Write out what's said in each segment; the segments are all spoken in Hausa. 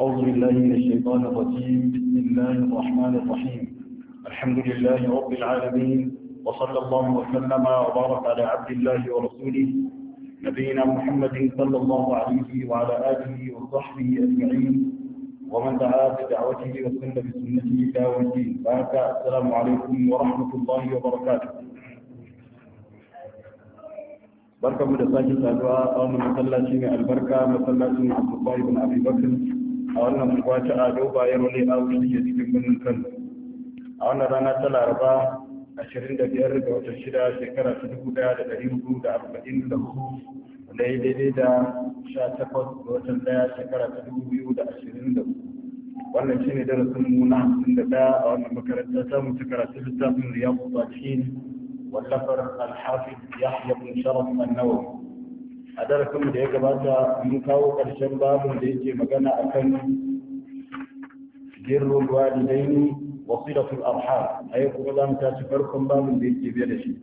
أعوذ بالله من الشيطان الرجيم بسم الله الرحمن الرحيم الحمد لله رب العالمين وصلى الله وسلم وبارك على عبد الله ورسوله نبينا محمد صلى الله عليه وعلى آله وصحبه أجمعين ومن دعا بدعوته وسن بسنته إلى يوم الدين السلام عليكم ورحمة الله وبركاته barka mu da sake saduwa a wani masallaci mai albarka masallacin abdullahi bin abi a wannan unguwa ta ado bayan wani aure da ke cikin birnin kano a wannan rana ta laraba 25 ga watan shida shekara ta 1444 wanda ya daidai da 18 ga watan daya shekara ta 2023 wannan shi ne darasin mu na 51 a wannan makaranta ta mutu karatu littafin riyadu tsakin wallafar alhafi yahya bin sharaf annawawi a darasin da ya gabata mun kawo ƙarshen babin da yake magana akan girrul da wa silatul arham ayi kuma mu tashi farkon babin da yake biye da shi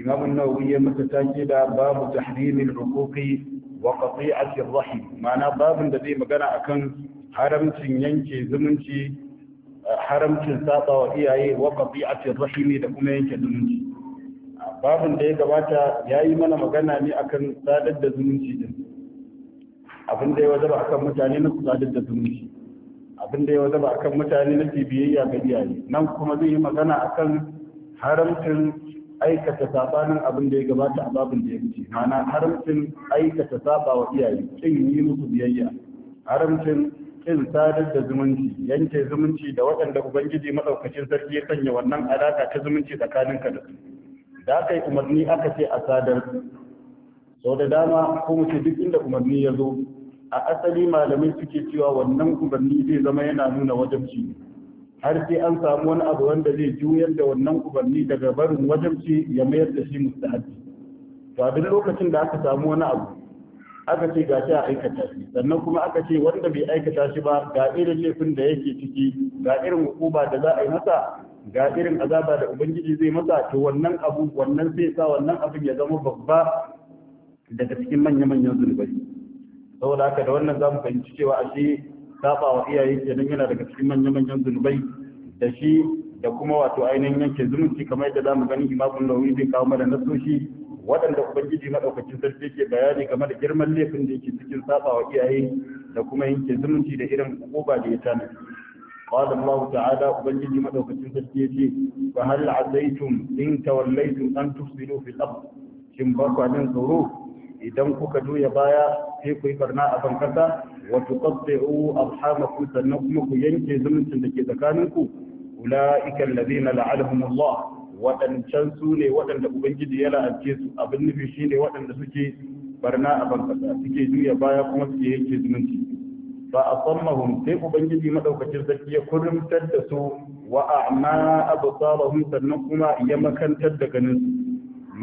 imam nawawi ya masa take da babu tahrimil huquqi wa qati'ati ar-rahim ma'ana babin da zai magana akan haramcin yanke zumunci haramcin saba wa iyaye wa qati'ati ar-rahim da kuma yanke zumunci babin da ya gabata ya yi mana magana ne akan sadar da zumunci din abin da ya wazaba akan mutane na sadar da zumunci abin da ya wazaba akan mutane na biyayya ga iyaye nan kuma zai yi magana akan haramcin aikata sabanin abin da ya gabata a babin da ya wuce ma'ana haramcin aikata saba wa iyaye kin yi musu biyayya haramcin kin sadar da zumunci yanke zumunci da waɗanda ubangiji madaukakin sarki ya sanya wannan alaka ta zumunci tsakaninka da su da aka yi umarni aka ce a sadar sau da dama ko mutu duk inda umarni ya zo a asali malamai suke cewa wannan umarni zai zama yana nuna wajabci har sai an samu wani abu wanda zai juyar da wannan umarni daga barin wajabci ya mayar da shi mustahabi to a lokacin da aka samu wani abu aka ce shi a aikata shi sannan kuma aka ce wanda bai aikata shi ba ga irin laifin da yake ciki ga irin hukuma da za a yi masa ga irin azaba da ubangiji zai masa to wannan abu wannan sai sa wannan abin ya zama babba daga cikin manya-manyan zunubai saboda haka da wannan zamu fahimci cewa ashe saba wa iyaye kenan yana daga cikin manya-manyan zunubai da shi da kuma wato ainihin yanke zumunci kamar yadda zamu gani imamun nawawi zai kawo mana nasoshi waɗanda ubangiji maɗaukacin sarki ke bayani game da girman laifin da yake cikin saba wa iyaye da kuma yanke zumunci da irin hukuma da ya tanadi قال الله تعالى أبنجي مدوكة تسكيتي فهل عسيتم إن توليتم أن تفسدوا في الأرض شمبارك عدن ظروف إذا كوكا دويا بايا في كوي برناء بنكتا وتقطعوا أرحامكم سنقمكم ينكي زمن سندكي تكانكم أولئك الذين لعنهم الله waɗancan su ne waɗanda Ubangiji ya la'ance su abin nufi shi ne waɗanda suke barna a bankasa suke juya baya kuma suke yake zumunci fa asammahum sai ubangiji madaukakin sarki ya kurumtar da su wa a'ma absarahum sannan kuma ya makantar da ganin su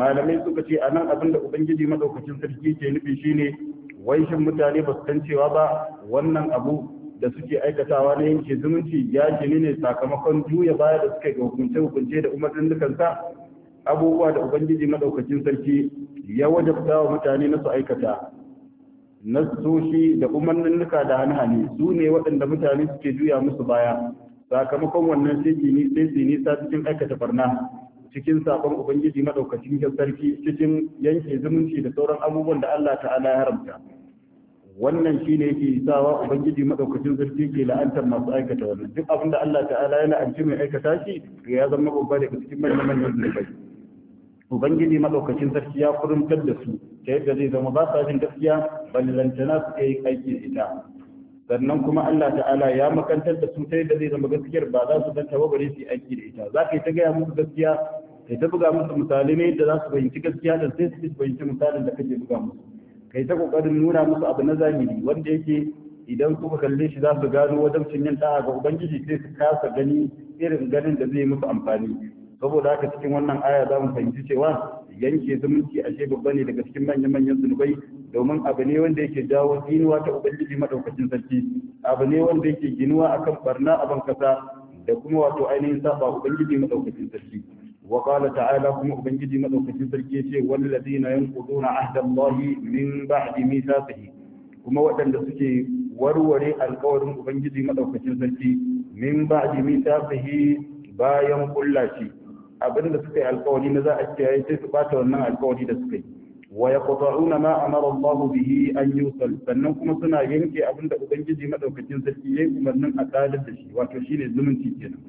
malamai suka ce anan da ubangiji madaukakin sarki ke nufi shine shin mutane ba su san cewa ba wannan abu da suke aikatawa na yanke zumunci ya gini ne sakamakon juya baya da suka ga hukunce hukunce da umarnin dukansa abubuwa da ubangiji madaukakin sarki ya wajabta wa mutane na su aikata nassoshi da umarninnuka da hane-hane su ne waɗanda mutane suke juya musu baya sakamakon wannan sai su nisa cikin aikata farna, cikin sabon ubangiji madaukakin sarki cikin yanke zumunci da sauran abubuwan da Allah ta'ala ya haramta wannan ne yake sawa ubangiji maɗaukacin sarki ke la'antar masu aikata wannan duk abin da Allah ta'ala ya la'anci mai aikata shi ya zama babba daga cikin manyan manyan zunubai ubangiji maɗaukacin sarki ya kurumtar da su ta yadda zai zama ba sa jin gaskiya ballantana su yi aiki da ita sannan kuma Allah ta'ala ya makantar da su ta yadda zai zama gaskiyar ba za su ganta ba bare su yi aiki da ita za ka yi ta gaya musu gaskiya kai ta buga musu misali ne yadda za su fahimci gaskiya da sai su fahimci misalin da kake buga musu kai ta kokarin nuna musu abu na zahiri wanda yake idan suka kalle shi za su gano wajen yin da'a ga ubangiji sai su kasa gani irin ganin da zai musu amfani saboda haka cikin wannan aya za mu fahimci cewa yanke zumunci ashe babba ne daga cikin manyan manyan zunubai domin abu ne wanda yake jawo ginuwa ta ubangiji madaukakin sarki abu ne wanda yake ginuwa akan barna a bankasa da kuma wato ainihin saba ubangiji madaukakin sarki wa qala ta'ala kuma ubangiji madaukakin sarki yace wal ladina yanquduna ahda allahi min ba'di mithaqihi kuma waɗanda suke warware alkawarin ubangiji madaukakin sarki min ba'di mithaqihi bayan kullaci abin da suka yi alkawari na za a kiyaye sai su bata wannan alkawari da suka yi wa yaqta'una ma amara Allah bihi an yusal sannan kuma suna yanke abin da ubangiji madaukakin sarki yayi umarnin a da shi wato shine zumunci kenan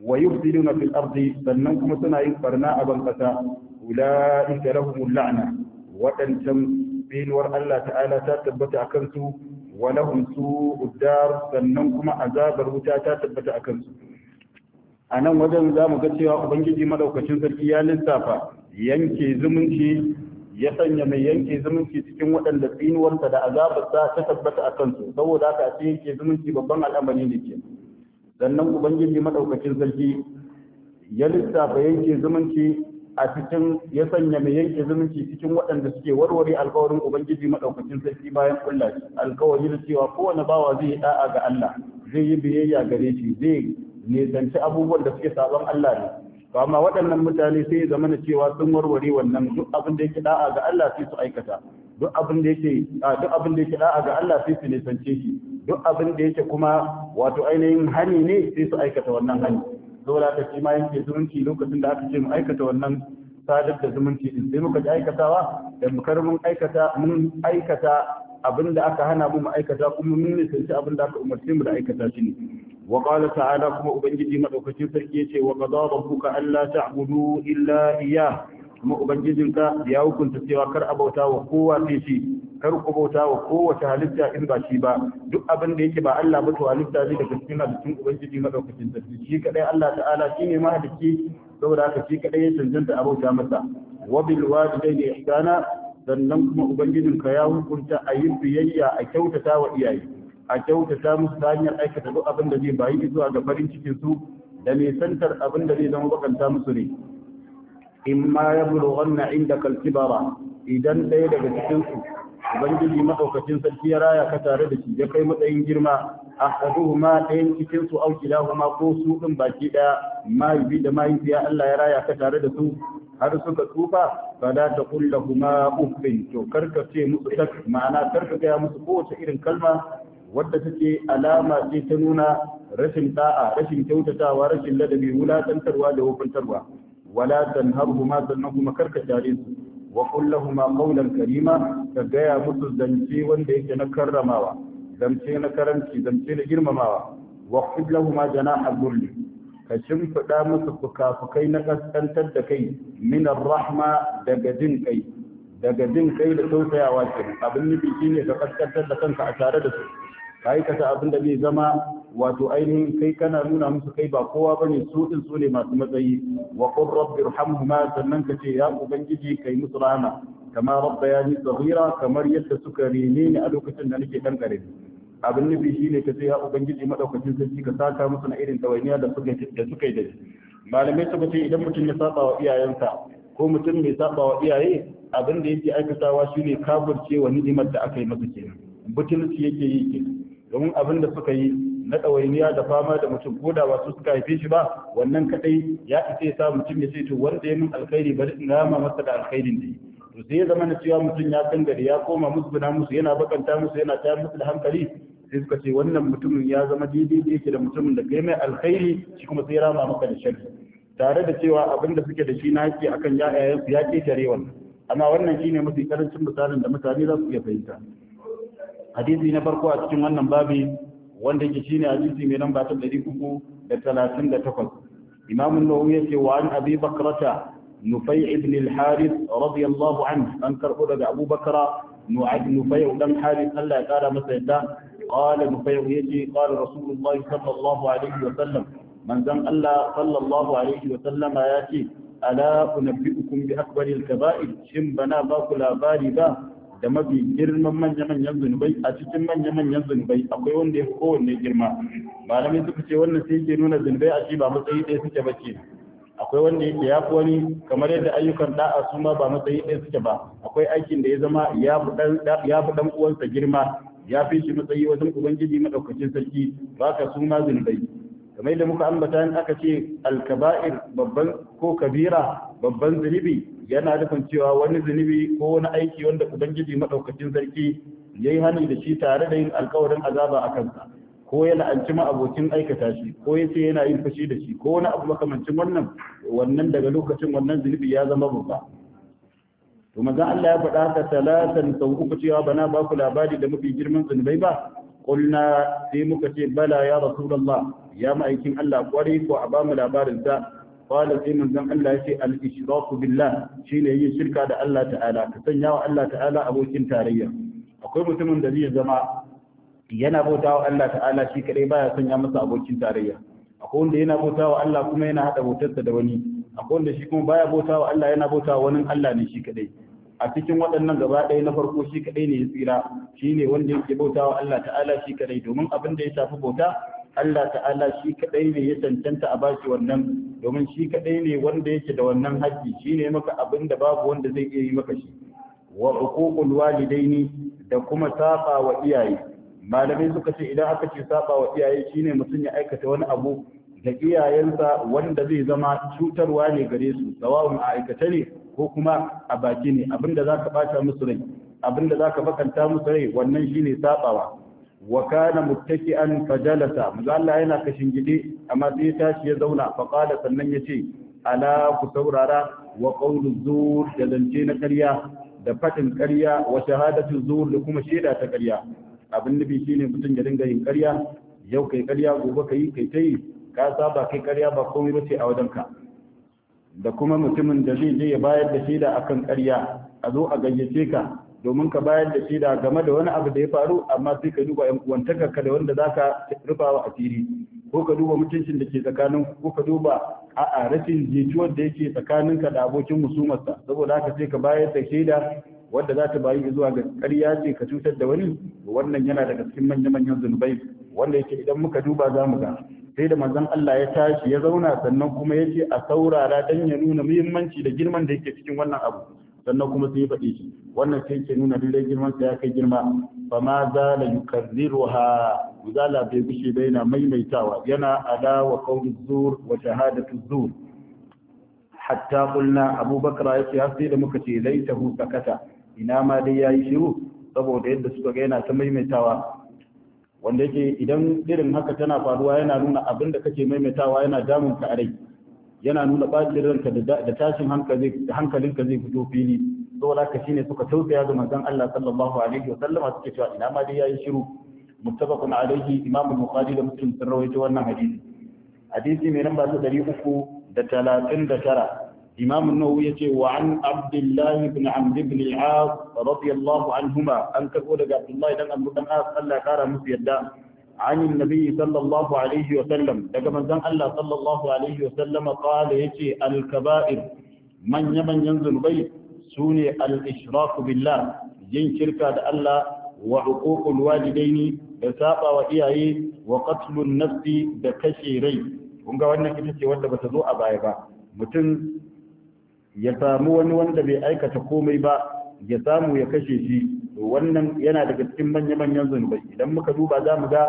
wa yufsiduna fil ardi sannan kuma suna yin barna a ban kasa ulaika lahumul la'na wadancan binuwar Allah ta'ala ta tabbata akan su wa lahum su'ud dar sannan kuma azabar wuta ta tabbata akan su a nan wajen za mu ga cewa ubangiji madaukacin sarki ya lissafa yanke zumunci ya sanya mai yanke zumunci cikin waɗanda tsinuwarsa da azabarsa ta tabbata a kansu saboda haka a yanke zumunci babban al'amari ne ke sannan ubangiji madaukakin sarki ya lissafa yanke zumunci a cikin ya sanya mai yanke zumunci cikin waɗanda suke warware alkawarin ubangiji madaukakin sarki bayan kulla alkawari da cewa kowane bawa zai yi da'a ga Allah zai yi biyayya gare shi zai zance abubuwan da suke saban Allah ne to amma waɗannan mutane sai zama na cewa sun warware wannan duk abin da yake da'a ga Allah sai su aikata duk abin da yake duk abin da yake da'a ga Allah sai su nisance shi duk abin da yake kuma wato ainihin hani ne sai su aikata wannan hani saboda ta ce ma yake zumunci lokacin da aka ce mu aikata wannan sadar da zumunci din sai muka ji aikatawa da mu kar mun aikata mun aikata abin da aka hana mu aikata kuma mun nisanci abin da aka umarce mu da aikata shi ne وقال تعالى kuma أبنجي مدوكتين sarki وقضى ربك ألا تعبدوا إلا إياه كما أبنجي ياو كنت سواكر أبوتا وقوة تيشي kar ku bauta wa kowace halitta in ba shi ba duk abin da yake ba Allah ba to halitta zai daga cikin halittun ubangiji madaukakin sarki shi kadai Allah ta'ala shine mahalicci saboda haka shi kadai ya cancanta a bauta masa wa bil walidaini ihsana sannan kuma ubangijin ka ya hukunta a yi biyayya a kyautata wa iyaye a kyautata musu ta hanyar aikata duk abin da zai bayi zuwa ga farin cikin su da nisantar abin da zai zama bakanta musu ne in ma ya bulughanna indaka inda kalkibara idan ɗaya daga cikin su ubangiji maɗaukacin sarki ya raya ka tare da shi ya kai matsayin girma ma ɗayan cikin su au kilahuma ko su din baki daya mahaifi da ya Allah ya raya ka tare da su har suka tsufa fada ta kulla kuma uffin to karka ce musu tak ma'ana karka gaya musu kowace irin kalma wadda take alama ce ta nuna rashin da'a rashin kyautatawa rashin ladabi wulatantarwa da hukuntarwa wala tanharhuma sannan kuma karka tare su wa kullahuma qawlan karima ka gaya musu zance wanda yake na karramawa zance na karanci zance na girmamawa wa kullahuma janaha dhulli ka shimfiɗa musu fukafukai na kaskantar da kai min rahma daga jin kai daga jin kai da tausayawa abin nufi shine ka kaskantar da kanka a tare da su ka aikata abin da zai zama wato ainihin kai kana nuna musu kai ba kowa bane su din su ne masu matsayi wa qur rabbi irhamhuma sannan ka ce ya ubangiji kai musu rahama kama rabbayani saghira kamar yadda suka rene ni a lokacin da nake dan karami abin nufi shine ka ce ya ubangiji madaukakin sarki ka saka musu na irin tawainiya da suka da suka yi da malamai suka ce idan mutum ya saba wa iyayensa ko mutum mai saba wa iyaye abin da yake aikatawa shine kafirce wa ni'imar da aka yi masa kenan butulci yake yi kenan domin abin da suka yi na ɗawainiya da fama da mutum ko da wasu suka haife shi ba wannan kaɗai ya isa ya sa mutum ya ce to wanda ya min alkhairi bari in rama masa da alkhairin da yi to sai ya zama na cewa mutum ya gari ya koma musguna musu yana bakanta musu yana tayar musu da hankali sai suka ce wannan mutumin ya zama daidai da yake da mutumin da kai mai alkhairi shi kuma sai rama maka da tare da cewa abin da suke da shi na haƙƙi akan ya'ayansu ya ƙetare wannan amma wannan shine mafi karancin misalin da mutane za su iya fahimta hadisi na farko a cikin wannan babi wanda ke shine hadisi mai lamba ta 338 imam an-nawawi yace wa an abi bakrata nufai ibn al-harith radiyallahu anhu an karbo daga abu bakra nu'ad nufai dan harith Allah ya kara masa yadda qala nufai yace qala rasulullah sallallahu alaihi wa sallam manzon Allah sallallahu alaihi wa sallama yace ala unabbiukum bi akbaril kaba'ir shin bana ba ku labari ba da mafi girman manya-manyan zunubai a cikin manya-manyan zunubai akwai wanda ya kowanne girma malami suka ce wannan sai ke nuna zunubai a shi ba matsayi ɗaya suke ba ke akwai wanda yake ya fi wani kamar yadda ayyukan da'a su ma ba matsayi ɗaya suke ba akwai aikin da ya zama ya fi ɗan uwansa girma ya fi shi matsayi wajen ubangiji maɗaukacin sarki ba ka su ma zunubai kamar yadda muka ambata in aka ce alkaba'ir babban ko kabira babban zunubi yana nufin cewa wani zunubi ko wani aiki wanda ubangiji maɗaukacin sarki yayi hani da shi tare da yin alkawarin azaba a kansa ko ya la'anci abokin aikata shi ko ya ce yana yin fashi da shi ko wani abu makamancin wannan wannan daga lokacin wannan zunubi ya zama babba to maza Allah ya faɗa ka talatan sau uku cewa bana ba ku labari da mafi girman zunubai ba kulna sai muka ce bala ya rasulallah ya ma'aikin Allah kwarai ko a ba mu labarin sa qala sai manzon Allah yace al ishraku billah shine yin shirka da Allah ta'ala ka sanya wa Allah ta'ala abokin tarayya akwai mutumin da zai zama yana bautawa Allah ta'ala shi kadai baya sanya masa abokin tarayya akwai wanda yana bautawa Allah kuma yana hada bautarsa da wani akwai wanda shi kuma baya bautawa Allah yana bautawa wani Allah ne shi kadai a cikin waɗannan gaba ɗaya na farko shi kadai ne ya tsira shine wanda yake bautawa Allah ta'ala shi kadai domin abin da ya shafi bauta Allah ta'ala shi kadai ne ya cancanta a bashi wannan domin shi kadai ne wanda yake da wannan haƙƙi ne maka abin da babu wanda zai iya yi maka shi wa uququl walidaini da kuma saba wa iyaye malamai suka ce idan aka ce saba wa iyaye shine mutum ya aikata wani abu da iyayensa wanda zai zama cutarwa ne gare su sawa'un a aikata ne ko kuma a baki ne abinda zaka bata musu rai abinda zaka bakanta musu rai wannan shine sabawa wa kana muttaki'an fajalasa manzo Allah yana kashin gidi amma sai ya tashi ya zauna fa qala sannan yace ala ku taurara wa qawlu da zance na ƙarya da faɗin ƙarya wa shahadatu zur da kuma shaida ta ƙarya abin nufi shine mutum ya dinga yin ƙarya yau kai ƙarya gobe kai kai tai ka saba kai ƙarya ba komai bace a wajen ka da kuma mutumin da zai je ya bayar da shaida akan ƙarya a zo a gayyace ka domin ka bayar da shaida game da wani abu da ya faru amma sai ka duba yankuwantaka ka da wanda zaka rufawa asiri ko ka duba mutuncin da ke tsakanin ko ka duba a rashin jituwar da yake tsakanin ka da abokin musumarsa saboda haka sai ka bayar da shaida wadda za ta bayi zuwa ga ƙarya ce ka cutar da wani wannan yana daga cikin manya-manyan zunubai wanda yake idan muka duba za mu ga sai da manzon Allah ya tashi ya zauna sannan kuma ya ce a saurara dan ya nuna muhimmanci da girman da yake cikin wannan abu sannan kuma sai yi faɗi shi wannan sai ke nuna lallai girman sa ya kai girma fa ma za la ha muzala bai gushe ba yana maimaitawa yana ala wa qawli zur wa shahadatu zur hatta qulna abubakar yace har sai da muka ce laitahu kasa ina ma dai yayi shiru saboda yadda suka ga yana ta maimaitawa wanda yake idan irin haka tana faruwa yana nuna abin da kake maimaitawa yana damun ka a rai yana nuna ɓacin ranka da tashin hankalinka zai fito fili saboda haka shine suka tausaya ga manzon Allah sallallahu alaihi wa sallama suke cewa ina ma dai yayi shiru muttafaqun alaihi imam bukhari da muslim sun rawaito wannan hadisi hadisi mai namba 339 imam an-nawawi yace wa an abdullah ibn amr ibn al-as radiyallahu anhuma an karbo daga abdullah dan amr dan as Allah ya kara musu yadda عن النبي صلى الله عليه وسلم لقد من ذن الله صلى الله عليه وسلم قال يتي الكبائر من يمن ينزل بي سوني الإشراك بالله جين شركة الله وعقوق الوالدين إساقة وإيائي وقتل النفس بكشيري kunga wannan ita ce wanda bata zo a baya ba mutum ya samu wani wanda bai aikata komai ba ya samu ya kashe shi to wannan yana daga cikin manya-manyan zunubai idan muka duba za mu ga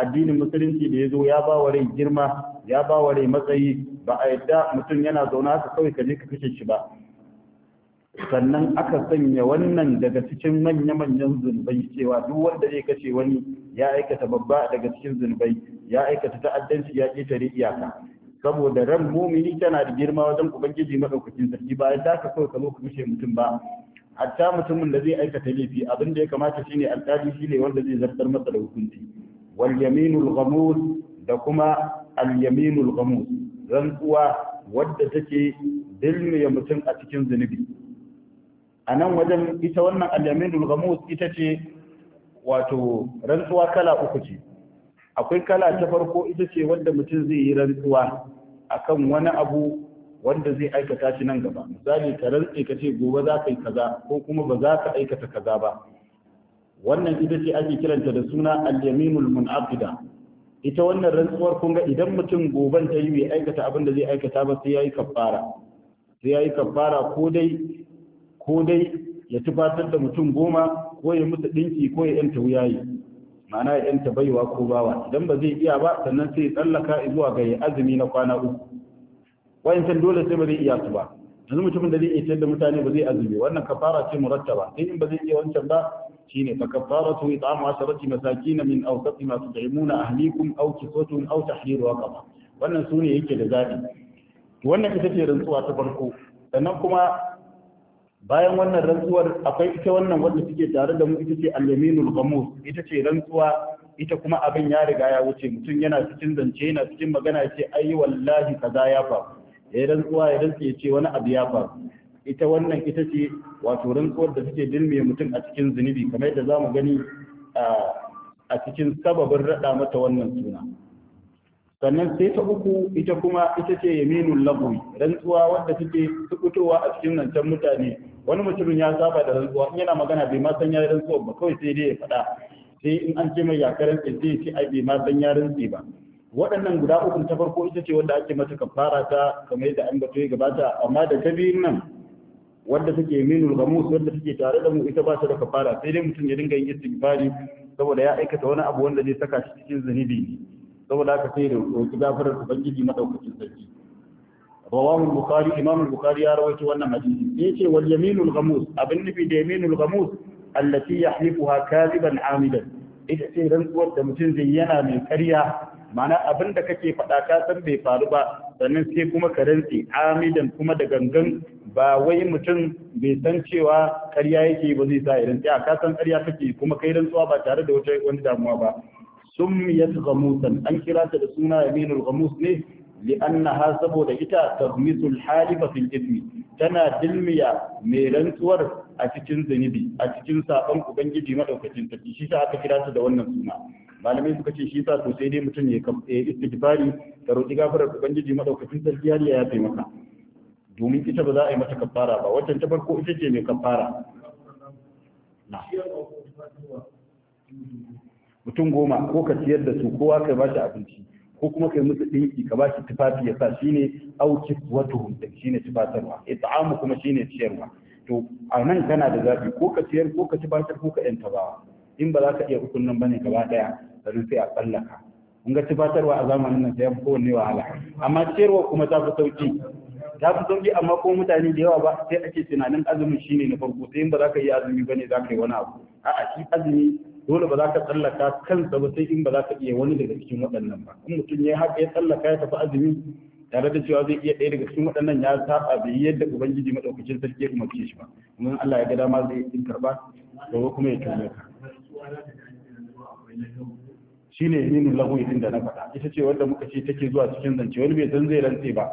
addinin musulunci da ya zo ya ba wa rai girma ya ba wa rai matsayi ba a yadda mutum yana zaune haka kawai ka je ka kashe shi ba sannan aka sanya wannan daga cikin manya-manyan zunubai cewa duk wanda zai kashe wani ya aikata babba daga cikin zunubai ya aikata ta'addanci ya ƙetare iyaka saboda ran mumini tana da girma wajen ubangiji madaukakin sarki ba yadda ka kawai ka zo ka kashe mutum ba hatta mutumin da zai aikata laifi abin da ya kamata shine alƙali shine wanda zai zartar masa da hukunci wal yaminul ghamus da kuma al yaminul ghamus rantsuwa wadda take dilmiya mutum a cikin zunubi a nan wajen ita wannan al yaminul ghamus ita ce wato rantsuwa kala uku ce akwai kala ta farko ita ce wadda mutum zai yi rantsuwa akan wani abu wanda zai aikata shi nan gaba misali ka rantse ka gobe za ka yi kaza ko kuma ba za ka aikata kaza ba wannan ita ce ake kiranta da suna al-yaminul mun'aqida ita wannan rantsuwar kun ga idan mutum goban ta yi bai aikata abin da zai aikata ba sai yayi kaffara sai yayi kaffara ko dai ko dai ya tufatar da mutum goma ko ya musu dinki ko ya yanta wuyayi ma'ana ya yanta baiwa ko bawa idan ba zai iya ba sannan sai ya tsallaka zuwa ga azumi na kwana uku wayancan dole sai ba zai iya su ba yanzu mutumin da zai iya ciyar da mutane ba zai azumi wannan kafara ce murattaba sai in ba zai iya wancan ba shine fa kafaratu it'amu asharati masakin min awsati ma tud'imuna ahlikum aw kiswatuhum aw tahriru waqfa wannan sune yake da zabi wannan ita ce rantsuwa ta farko sannan kuma bayan wannan rantsuwar akwai ita wannan wanda suke tare da mu ita ce al-yaminul ghamus ita ce rantsuwa ita kuma abin ya riga ya wuce mutum yana cikin zance yana cikin magana ce ai wallahi kaza ya faru ya rantsuwa ya rantsa ya ce wani abu ya faru ita wannan ita ce wato rantsuwar da take dilme mutum a cikin zunubi kamar yadda zamu gani a cikin sababin rada mata wannan suna sannan sai ta uku ita kuma ita ce yaminul lahu rantsuwa wadda take sukutowa a cikin zancen mutane wani mutumin ya saba da rantsuwa in yana magana bai ma san ya rantsuwa ba kawai sai dai ya faɗa sai in an ce mai ya sai ya ce ai bai ma san ya rantsi ba waɗannan guda uku ta farko ita ce wanda ake mata kafara ta kamar yadda an gato ya gabata amma da ta biyun nan wanda take minul gamus wanda take tare da mu ita ba ta da kafara sai dai mutum ya dinga yin istighfari saboda ya aikata wani abu wanda zai saka shi cikin zunubi saboda haka sai da roki gafarar ubangiji madaukakin sarki rawahu bukhari imam bukhari ya rawaito wannan hadisi sai ce wal yaminul gamus abin nufi da yaminul gamus allati yahlifuha kadiban amidan ita ce rantsuwar da mutum zai yana mai ƙarya mana abin da kake faɗa ka san bai faru ba sannan sai kuma ka rantse amidan kuma da gangan ba wai mutum bai san cewa ƙarya yake ba zai sa irin rantse ka san ƙarya kake kuma kai rantsuwa ba tare da wata wani damuwa ba summiyat ghamusan an kira ta da suna yaminul ghamus ne ha saboda ita tahmisul halifa fil ismi tana dilmiya mai rantsuwar a cikin zunubi a cikin sabon ubangiji madaukakin sarki shi ta aka kira ta da wannan suna malamai suka ce shi sa to sai dai mutum ya istighfari ka roƙi gafarar ubangiji madaukakin sarki har ya yafe maka domin ita ba za a yi mata kafara ba wancan ta farko ita ce mai kafara na mutum goma ko ka siyar da su kowa kai ba shi abinci ko kuma kai musu dinki ka ba shi tufafi ya sa shine auki wato watuhum din shine tufatarwa ita'amu kuma shine ciyarwa to a nan kana da zafi ko ka siyar ko ka tufatar ko ka yanta ba in ba za ka iya hukunnan bane gaba daya sannan sai a tsallaka kun ga tubatarwa a zamanin nan sai kowanne wahala amma ciyarwa kuma ta fi sauki ta fi sauki amma ko mutane da yawa ba sai ake tunanin azumin shine na farko sai in ba za ka yi azumi bane za ka yi wani abu a'a shi azumi dole ba za ka tsallaka kansa ba sai in ba za ka iya wani daga cikin waɗannan ba in mutum ya haka ya tsallaka ya tafi azumi tare da cewa zai iya ɗaya daga cikin waɗannan ya saba bai yadda ubangiji madaukakin sarki ya umarce shi ba kuma Allah ya ga dama zai yi karba gobe kuma ya tume shine ne lahu yin da na faɗa ita ce wanda muka ce take zuwa cikin zance wani bai san zai rantse ba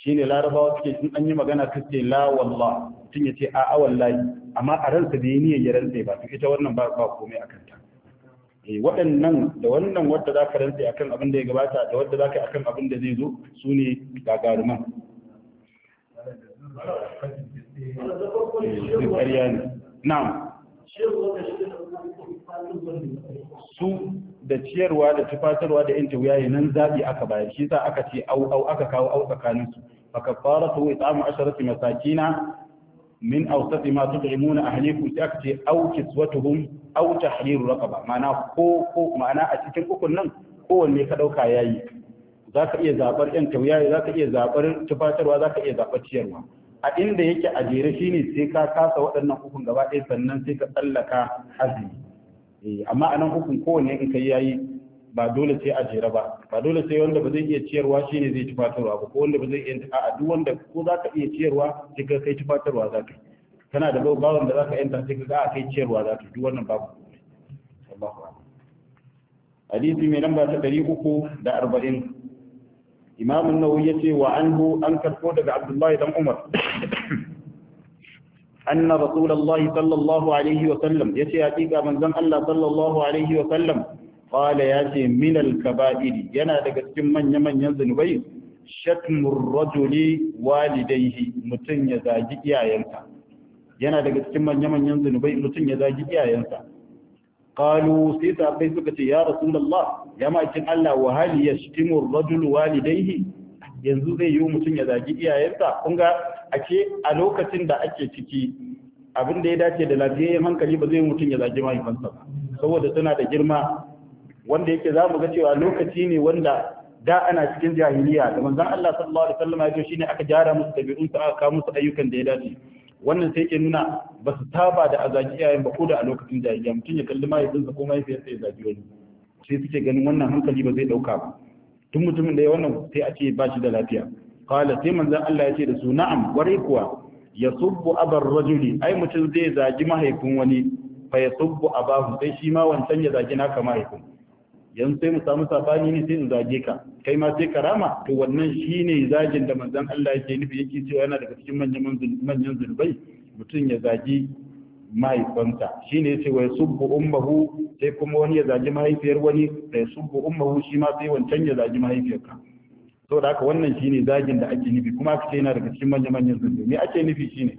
shine larabawa suke in an yi magana ta ce la wallah tun ya ce a a wallahi amma a ransa da ya niyyar ya rantse ba to ita wannan ba ba komai a kanta eh waɗannan da wannan wanda zaka rantse akan abin da ya gabata da wanda zaka akan abin da zai zo su gagaruman eh, ne na'am su da ciyarwa da tufatarwa da yanta wuya nan zabi aka bayar shi sa aka ce au au aka kawo au tsakanin su fa kafaratu it'amu asharati masakina min awsati ma tut'imuna ahlikum sai aka ce au kiswatuhum au tahriru raqaba ma'ana ko ko ma'ana a cikin ukun nan kowanne ka dauka yayi zaka iya zabar yanta wuya zaka iya zabar tufatarwa zaka iya zabar ciyarwa a inda yake a jere shine sai ka kasa waɗannan ukun gaba ɗaya sannan sai ka tsallaka azumi Eh, amma a nan hukun kowane in kai yayi ba dole sai a jera ba ba dole sai wanda ba zai iya ciyarwa shine zai tufatarwa ba ko wanda ba zai iya a duk wanda ko ka iya ciyarwa sai ka kai tufatarwa zaka kana da bawan da ka yanta sai ka ga a kai ciyarwa ka duk wannan babu Allahu hadisi mai lamba ta uku da arba'in an-Nawawi ce wa anhu an karko daga Abdullahi dan Umar أن رسول الله صلى الله عليه وسلم يتيأتيك من زم الله صلى الله عليه وسلم قال ياتي من الكبائر ينادك من يمن ينزل بي شتم الرجل والديه متن يزاجي ينسى yana daga cikin manyan yanzu zunubai mutum ya zagi iyayensa qalu sai ta suka ce ya rasulullah ya ma cikin Allah wa hali yashtimu rajul walidayhi yanzu zai yiwu mutum ya zagi iyayensa kun ake a lokacin da ake ciki abin da ya dace da lafiyayyen hankali ba zai mutum ya zagi mahaifansa saboda suna da girma wanda yake za mu ga cewa lokaci ne wanda da ana cikin jahiliya da manzon Allah sallallahu alaihi wasallam ya ce shine aka jara musu dabi'un su aka kawo musu ayyukan da ya dace wannan sai ke nuna ba su saba da azaji iyayen ba ko da a lokacin jahiliya mutum ya kalli mahaifinsa ko mahaifiyarsa ya zagi wani sai suke ganin wannan hankali ba zai dauka ba tun mutumin da ya wannan sai a ce ba shi da lafiya qala sai manzon Allah ya ce da su na'am warai kuwa yasubbu abar rajuli ai mutum zai zagi mahaifin wani fa yasubbu abahu sai shi ma wancan ya zagi naka mahaifin yanzu sai mu samu sabani ne sai in zage ka kai ma sai karama to wannan shine zagin da manzon Allah yake nufi yake cewa yana daga cikin manyan manyan zulbai mutum ya zagi mahaifansa shine yace wa yasubbu ummuhu sai kuma wani ya zagi mahaifiyar wani da yasubbu ummuhu shi ma sai wancan ya zagi mahaifiyarka saboda haka wannan shine zagin da ake nufi kuma aka ce yana daga cikin manyan manyan zunubi me ake nufi shine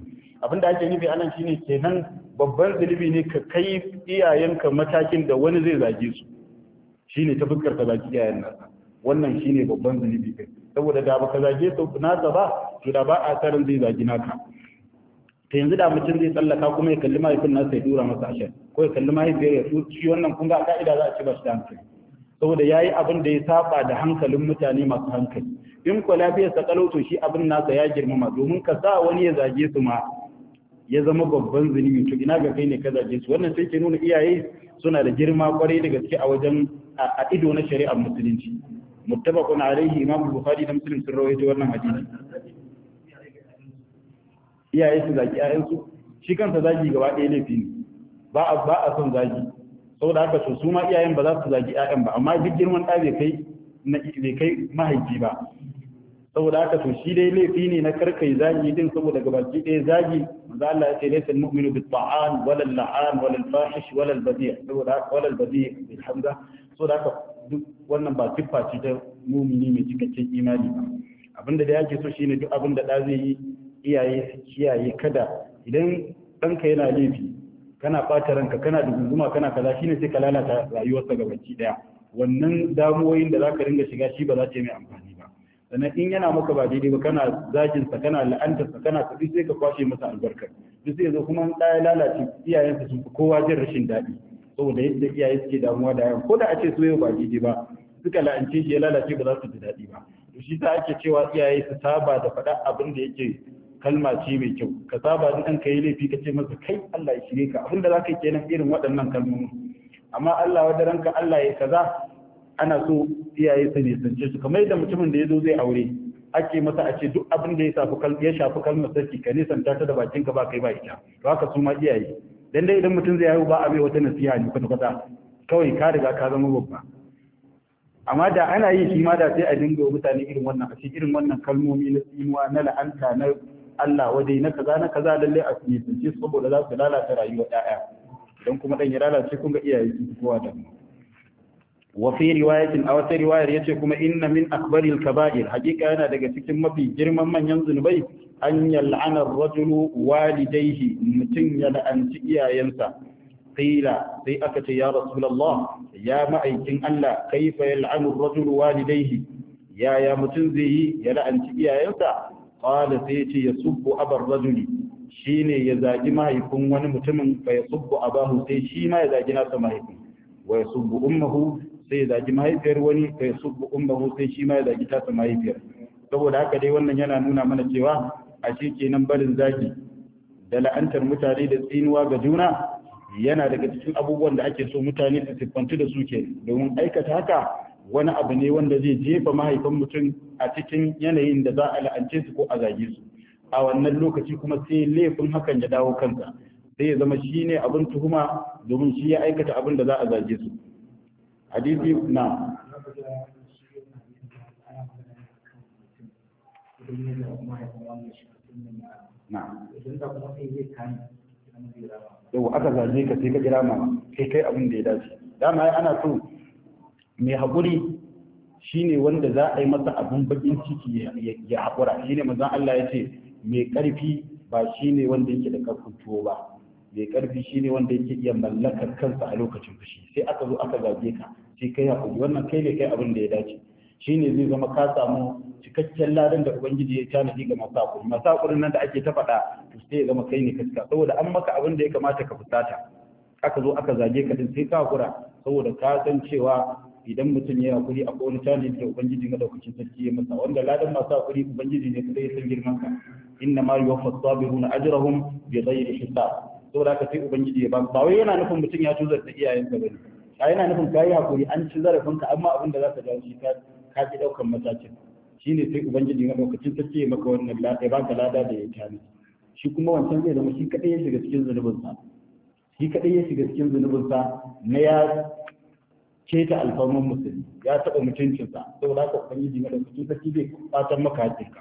abin da ake nufi anan shine kenan babban zunubi ne ka kai iyayenka matakin da wani zai zage su shine ta fuskar ka zagi iyayen nasa wannan shine babban zunubi kai saboda da baka zage su na ba to da ba a tsarin zai zagi naka ta yanzu da mutum zai tsallaka kuma ya kalli mahaifin nasa ya dura masa ashe, ko ya kalli mahaifiyar ya shi wannan kun ga ka'ida za a ci ba shi da hankali saboda yayi abin da ya saba da hankalin mutane masu hankali in ko lafiyar sa kalauto to shi abin nasa ya girmama domin ka sa wani ya zage su ma ya zama babban zunubi to ina ga kai ne ka zage su wannan sai ke nuna iyaye suna da girma kwarai da gaske a wajen a ido na shari'ar musulunci muttafaqun alaihi imam bukhari da muslim sun rawaito wannan hadisi iyaye su zage ƴaƴansu shi kansa zagi gaba ɗaya laifi ne ba a ba a son zagi saboda haka to su ma iyayen ba za su zagi ƴaƴan ba amma duk girman ɗa bai kai na bai kai mahaifi ba saboda haka to shi dai laifi ne na karkai zagi din saboda gabaki ɗaya zagi manzo Allah ya ce laysa al-mu'minu bit-ta'an wala al-la'an wala al-fahish wala al-badi' saboda haka wala al-badi' bil hamza saboda haka duk wannan ba siffa ce ta mu'mini mai cikakken imani ba abinda da yake so shine duk abinda da zai yi iyaye su kiyaye kada idan ɗanka yana laifi kana ɓata ranka kana gunguma kana kaza shine sai ka lalata rayuwarsa ga baki daya wannan damuwoyin da zaka ringa shiga shi ba za ta yi mai amfani ba sannan in yana maka ba daidai ba kana zakin sa kana la'antar sa kana kudi sai ka kwashe masa albarkar duk sai zo kuma da ya lalace iyayensa sun kowa jin rashin daɗi saboda yadda iyaye suke damuwa da yayan ko da a ce so yau ba daidai ba suka la'ance shi ya lalace ba za su ji daɗi ba to shi sa ake cewa iyaye su saba da faɗa abin da yake kalma ce mai kyau ka saba da ɗanka yi laifi ka ce masa kai Allah ya shirye ka abinda za ka kenan irin waɗannan kalmomi amma Allah wa ranka Allah ya kaza ana so iyaye su ne ce su kamar yadda mutumin da ya zo zai aure ake masa a ce duk abin da ya shafi ya shafi kalmar sarki ka nisanta ta da bakin ka ba kai ba ita to haka su ma iyaye dan dai idan mutum zai haihu ba a mai wata nasiha ne kwata kwata kawai ka riga ka zama babba amma da ana yi shi ma da sai a dinga mutane irin wannan a irin wannan kalmomi na tsinuwa na la'anta na Allah waje na kaza na kaza lalle a nisanci saboda za su lalata rayuwar ƴaƴa idan kuma dan ya lalace kun ga iyaye su kowa da wa fi riwayatin aw riwayar yace kuma inna min akbaril kaba'ir hakika yana daga cikin mafi girman manyan zunubai an yal'ana ar-rajulu walidayhi mutun ya la'anci iyayensa qila sai aka ce ya rasulullah ya ma'aikin Allah kaifa yal'anu ar-rajulu walidayhi yaya mutum zai yi ya la'anci iyayensa qala sai yace yasubbu abar rajuli shine ya zagi mahaifin wani mutumin fa yasubbu abahu sai shi ma ya zagi nasa mahaifin wa yasubbu ummuhu sai ya zagi mahaifiyar wani fa yasubbu ummuhu sai shi ma ya zagi tasa mahaifiyar saboda haka dai wannan yana nuna mana cewa ashe kenan barin zagi da la'antar mutane da tsinuwa ga juna yana daga cikin abubuwan da ake so mutane su siffantu da su ke domin aikata haka wani abu ne wanda zai jefa mahaifin mutum a cikin yanayin da za a la'ance su ko a zage su a wannan lokaci kuma sai laifin hakan ya dawo kansa sai ya zama shi ne abin tuhuma domin shi ya aikata abin da za a zage su hadisi na yau aka zage ka sai ka kira ma. kai kai abin da ya dace dama ana so mai haƙuri shine wanda za a yi masa abin bakin ciki ya haƙura ne mazan Allah ya ce mai ƙarfi ba shine wanda yake da ƙarfin tuwo ba mai ƙarfi shi ne wanda yake iya mallakar kansa a lokacin fushi sai aka zo aka zage ka sai kai haƙuri wannan kai ne kai abin da ya dace Shi ne zai zama ka samu cikakken ladan da ubangiji ya tanadi ga masu haƙuri masu haƙurin nan da ake ta faɗa to sai ya zama kai ne kaska saboda an maka abin da ya kamata ka fusata aka zo aka zage ka din sai ka haƙura saboda ka san cewa idan mutum ya hakuri akwai wani talib da ubangiji madaukakin sarki ya masa wanda ladan masu hakuri ubangiji ne kadai ya san girman ka inna ma yuwaffa sabiruna ajrahum bi ghairi hisab saboda ka sai ubangiji ya ba ba wai yana nufin mutum ya cuzar da iyayen ka bane ka yana nufin ka yi hakuri an ci zarafin ka amma abin da za ka jawo shi ka ki daukan matakin shine sai ubangiji madaukakin sarki ya maka wannan lada ya baka lada da ya tani shi kuma wancan zai zama shi kadai ya shiga cikin zunubinsa shi kadai ya shiga cikin zunubinsa na ya keta alfarman musulmi ya taɓa mutuncinsa saboda haka ubangiji madaukakin sarki zai fatan maka hakkinka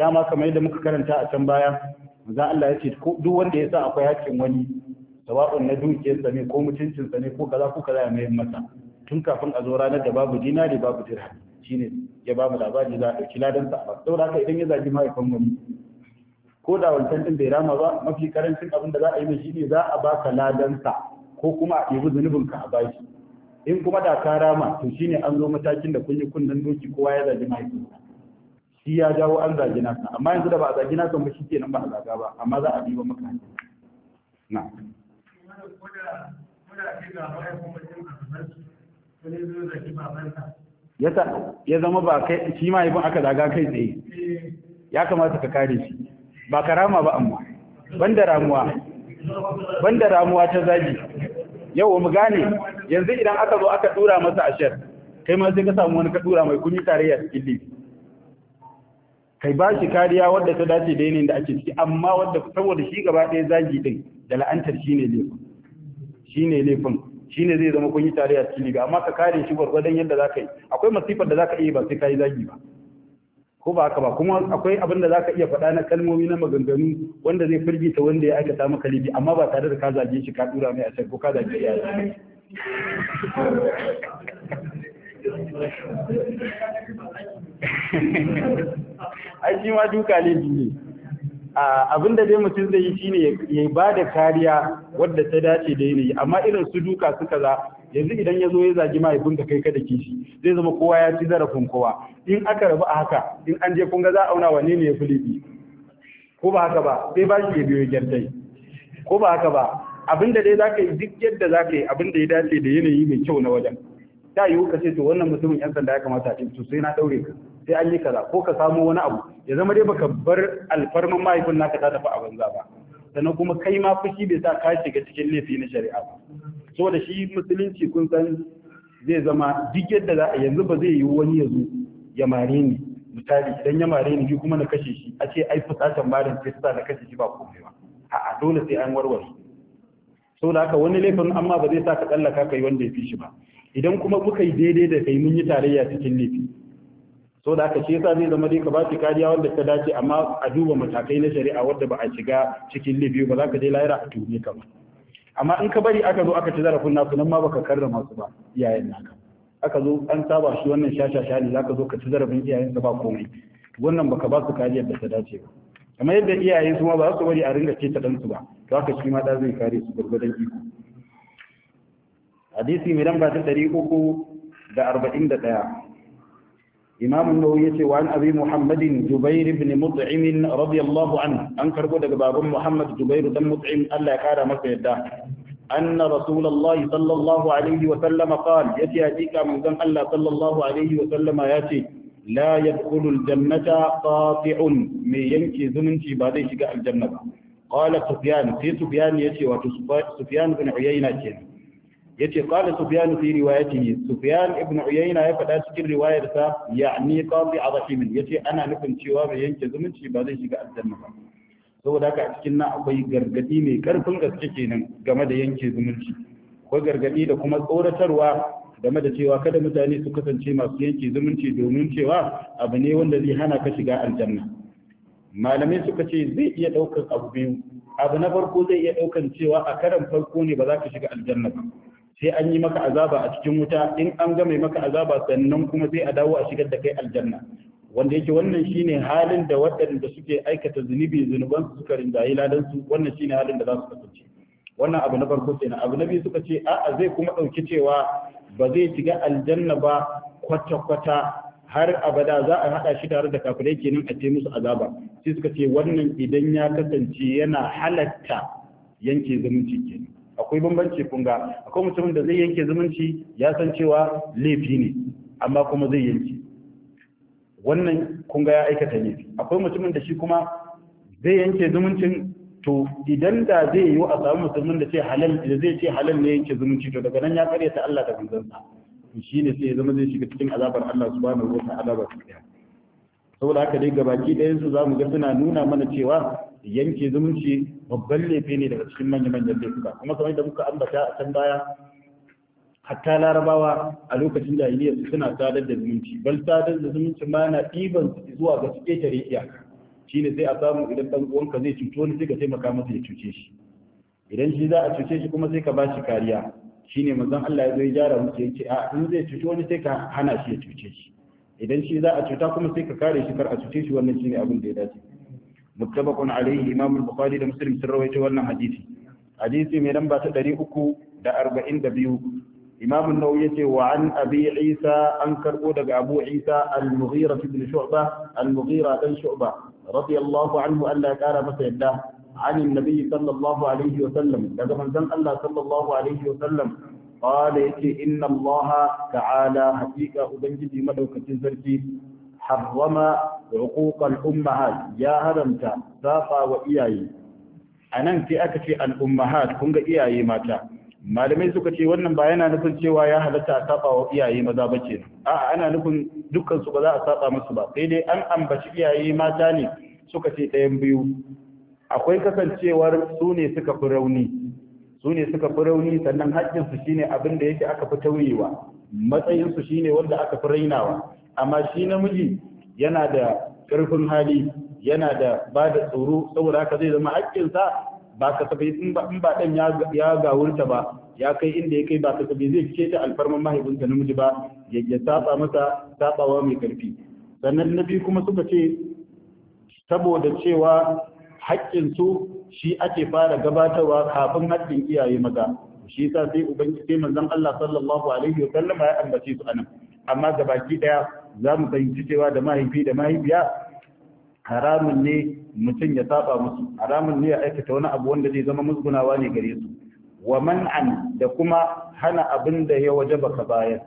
dama kamar yadda muka karanta a can baya manzo Allah ya ce duk wanda ya sa akwai hakkin wani sawa'un na dukiyarsa ne ko mutuncinsa ne ko kaza ko kaza ya mayar masa tun kafin a zo ranar da babu da babu dirham shine ya ba mu labari za a ɗauki ladan sa ba saboda haka idan ya zagi mahaifin wani ko da wancan din bai rama ba mafi karancin abin da za a yi mai shine za a baka ladan sa ko kuma a ɗebi zunubin ka a bashi in kuma da ka rama to shine an zo matakin da kun yi kunnan doki kowa ya zagi mahaifinsa shi ya jawo an zagi nasa amma yanzu da ba a zagi nasa ba kenan ba a zaga ba amma za a bi ba maka hankali na ya zama ba kai shi ma mahaifin aka zaga kai tsaye ya kamata ka kare shi ba karama ba amma banda ramuwa banda ramuwa ta zagi yau mu gane yanzu idan aka zo aka dura masa ashar kai ma sai ka samu wani ka dura mai kunyi tarayya cikin lifi kai ba shi kariya wadda ta dace da yanayin da ake ciki amma wadda saboda shi gaba ɗaya zagi din da la'antar shine laifin shine laifin shine zai zama kun yi tarayya cikin lifi amma ka kare shi gwargwadon yadda za ka yi akwai masifar da za ka iya ba sai ka yi zagi ba ko ba haka ba kuma akwai abin da ka iya faɗa na kalmomi na maganganu wanda zai firgita wanda ya aikata maka laifi amma ba tare da ka zage shi ka dura mai a ko ka zage iyaye ai shi ma duka laifi ne abin da dai mutum zai yi shine ya ba da kariya wadda ta dace da yanayi amma irin su duka suka za yanzu idan ya zo ya zagi mahaifin ka kai kada kishi zai zama kowa ya ci zarafin kowa in aka rabu a haka in an je kunga za a auna wane ne ya fi ko ba haka ba sai ba shi ya biyo gyartai ko ba haka ba abinda dai zaka yi duk yadda zaka yi abinda ya dace da yanayi mai kyau na wajen ta yiwu ka ce to wannan mutumin yan sanda ya kamata a to sai na daure ka sai an yi kaza ko ka samo wani abu ya zama dai baka bar alfarman mahaifin naka ta tafi a banza ba sannan kuma kai ma fushi bai sa ka shiga cikin laifi na shari'a ba saboda shi musulunci kun san zai zama duk yadda za a yanzu ba zai yi wani ya zo ya mare ni misali idan ya mare ni kuma na kashe shi a ce ai fusatan malam sai ta na kashe shi ba komai ba a'a dole sai an warware saboda haka wani laifin amma ba zai sa ka tsallaka kai wanda ya fi shi ba idan kuma kuka yi daidai da kai mun yi tarayya cikin laifi saboda haka shi yasa zai zama dai ka ba shi kariya wanda ta dace amma a duba matakai na shari'a wanda ba a shiga cikin laifi ba za ka je lahira a tuni ka ba amma in ka bari aka zo aka ci zarafin nasu nan ma baka karrama masu ba iyayen naka aka zo an saba shi wannan shashashani za ka zo ka ci zarafin iyayen sa ba komai wannan baka ba su kariyar da ta dace ba kamar yadda iyaye su ma ba su bari a ringa ce ta ɗansu ba to haka shi ma ɗa zai kare su gurgurdan iko hadisi mai lamba ta ɗari uku da arba'in da ɗaya imamun nawawi ya ce wa an abi muhammadin jubair ibn mut'im radiyallahu anhu an karbo daga baban muhammad jubair dan mut'im Allah ya kara masa yadda أن رسول sallallahu alaihi wa sallama وسلم قال يتي أتيك من allah sallallahu alaihi wa sallama وسلم ياتي la yadkhulul jannata mai yanke zumunci ba zai shiga aljanna ba qala sufyan sai sufyan yace wato sufyan ibn uyayna kenan yace qala sufyan fi riwayatihi sufyan ibn uyayna ya faɗa cikin riwayarsa ya'ni qati'a rahimin yace ana nufin cewa mai yanke zumunci ba zai shiga aljanna ba saboda haka a cikin nan akwai gargadi mai karfin gaske kenan game da yanke zumunci akwai gargadi da kuma tsoratarwa game da cewa kada mutane su kasance masu yanke zumunci domin cewa abu ne wanda zai hana ka shiga aljanna malamai suka ce zai iya ɗaukar abu biyu abu na farko zai iya ɗaukar cewa a karan farko ne ba za ka shiga aljanna ba sai an yi maka azaba a cikin wuta in an mai maka azaba sannan kuma sai a dawo a shigar da kai aljanna wanda yake wannan shine halin da waɗanda suke aikata zunubi zunuban su suka rinjayi ladan su wannan shine halin da za su kasance wannan abu na farko kenan abu na biyu suka ce a'a zai kuma ɗauki cewa ba zai shiga aljanna ba kwata-kwata har abada za a haɗa shi tare da kafirai kenan a ce musu azaba sai suka ce wannan idan ya kasance yana halatta yanke zumunci kenan akwai bambanci kunga akwai mutumin da zai yanke zumunci ya san cewa laifi ne amma kuma zai yanke wannan kunga ya aikata laifi akwai mutumin da shi kuma zai yanke zumuncin to idan da zai yi a samu musulmin da ce halal da zai ce halal ne yake zumunci to daga nan ya kare ta Allah da manzansa shi ne sai zama zai shiga cikin azabar Allah subhanahu wa ta'ala ba su saboda haka dai gabaki ɗayan su zamu ga suna nuna mana cewa yanke zumunci babban laifi ne daga cikin manyan manyan laifuka kuma kamar da muka ambata a can baya hatta larabawa a lokacin su suna sadar da zumunci bal sadar da zumunci ma na ɗiban zuwa ga su ƙetare shine sai a samu idan dan uwanka zai cuto ni sai ka taimaka masa ya cuce shi idan shi za a cuce shi kuma sai ka ba shi kariya shine manzon Allah ya zo ya jara musu yace a in zai cuce wani sai ka hana shi ya cuce shi idan shi za a cuta kuma sai ka kare shi kar a cuce shi wannan shine abin da ya dace muttabaqun alaihi imam al-bukhari da muslim sun rawaito wannan hadisi hadisi mai lamba ta 342 imam an-nawawi yace wa an abi isa an karbo daga abu isa al-mughira ibn shu'ba al-mughira dan shu'ba radiyallahu anhu Allah ya kara masa yadda عن النبي صلى الله عليه وسلم daga manzon Allah sallallahu alaihi wasallam qala yace inna Allah ta'ala hakika ubangiji madaukakin sarki harrama huquq al-ummahat ya haramta safa wa iyaye anan sai aka ce al-ummahat iyaye mata malamai suka ce wannan ba yana nufin cewa ya halatta a saba wa iyaye maza bace a'a ana nufin dukkan su ba za a saba musu ba sai dai an ambaci iyaye mata ne suka ce ɗayan biyu akwai kasancewar su ne suka fi rauni su ne suka fi rauni sannan haƙƙinsu shine abin da yake aka fi tauyewa matsayinsu shine wanda aka fi rainawa amma shi namiji yana da ƙarfin hali yana da ba da tsoro saboda haka zai zama haƙƙinsa ba ka in ba ɗan ya gawurta ba ya kai inda ya kai ba ta sabi zai ta alfarman mahaifinsa namiji ba ya saba masa sabawa mai karfi sannan na biyu kuma suka ce saboda cewa haƙƙinsu shi ake fara gabatarwa kafin haƙƙin iyaye maza shi yasa sai ubangiji sai manzon Allah sallallahu alaihi wa sallama ya ambace su anan amma ga baki daya za mu fahimci cewa da mahaifi da mahaifiya haramun ne mutum ya saba musu haramun ne ya aikata wani abu wanda zai zama musgunawa ne gare su wa man'an da kuma hana abin da ya wajaba ka bayar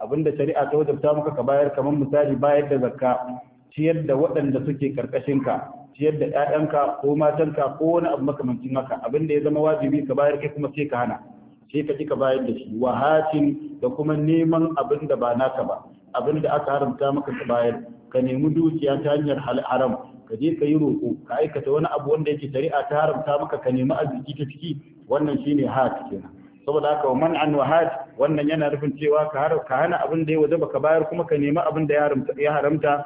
abin da shari'a ta wajabta maka ka bayar kamar misali bayar da zakka ciyar da waɗanda suke karkashin ka ciyar da ƴaƴanka ko matanka ko wani abu makamancin haka abin da ya zama wajibi ka bayar kai kuma sai ka hana sai ka ka bayar da shi wahatin da kuma neman abin da ba naka ba abin da aka haramta maka ka bayar ka nemi dukiya ta hanyar haram ka je ka yi roƙo ka aikata wani abu wanda yake shari'a ta haramta maka ka nemi arziki ta ciki wannan shine hat kenan saboda haka man an wahad wannan yana nufin cewa ka ka hana abin da ya waje baka bayar kuma ka nemi abin da ya haramta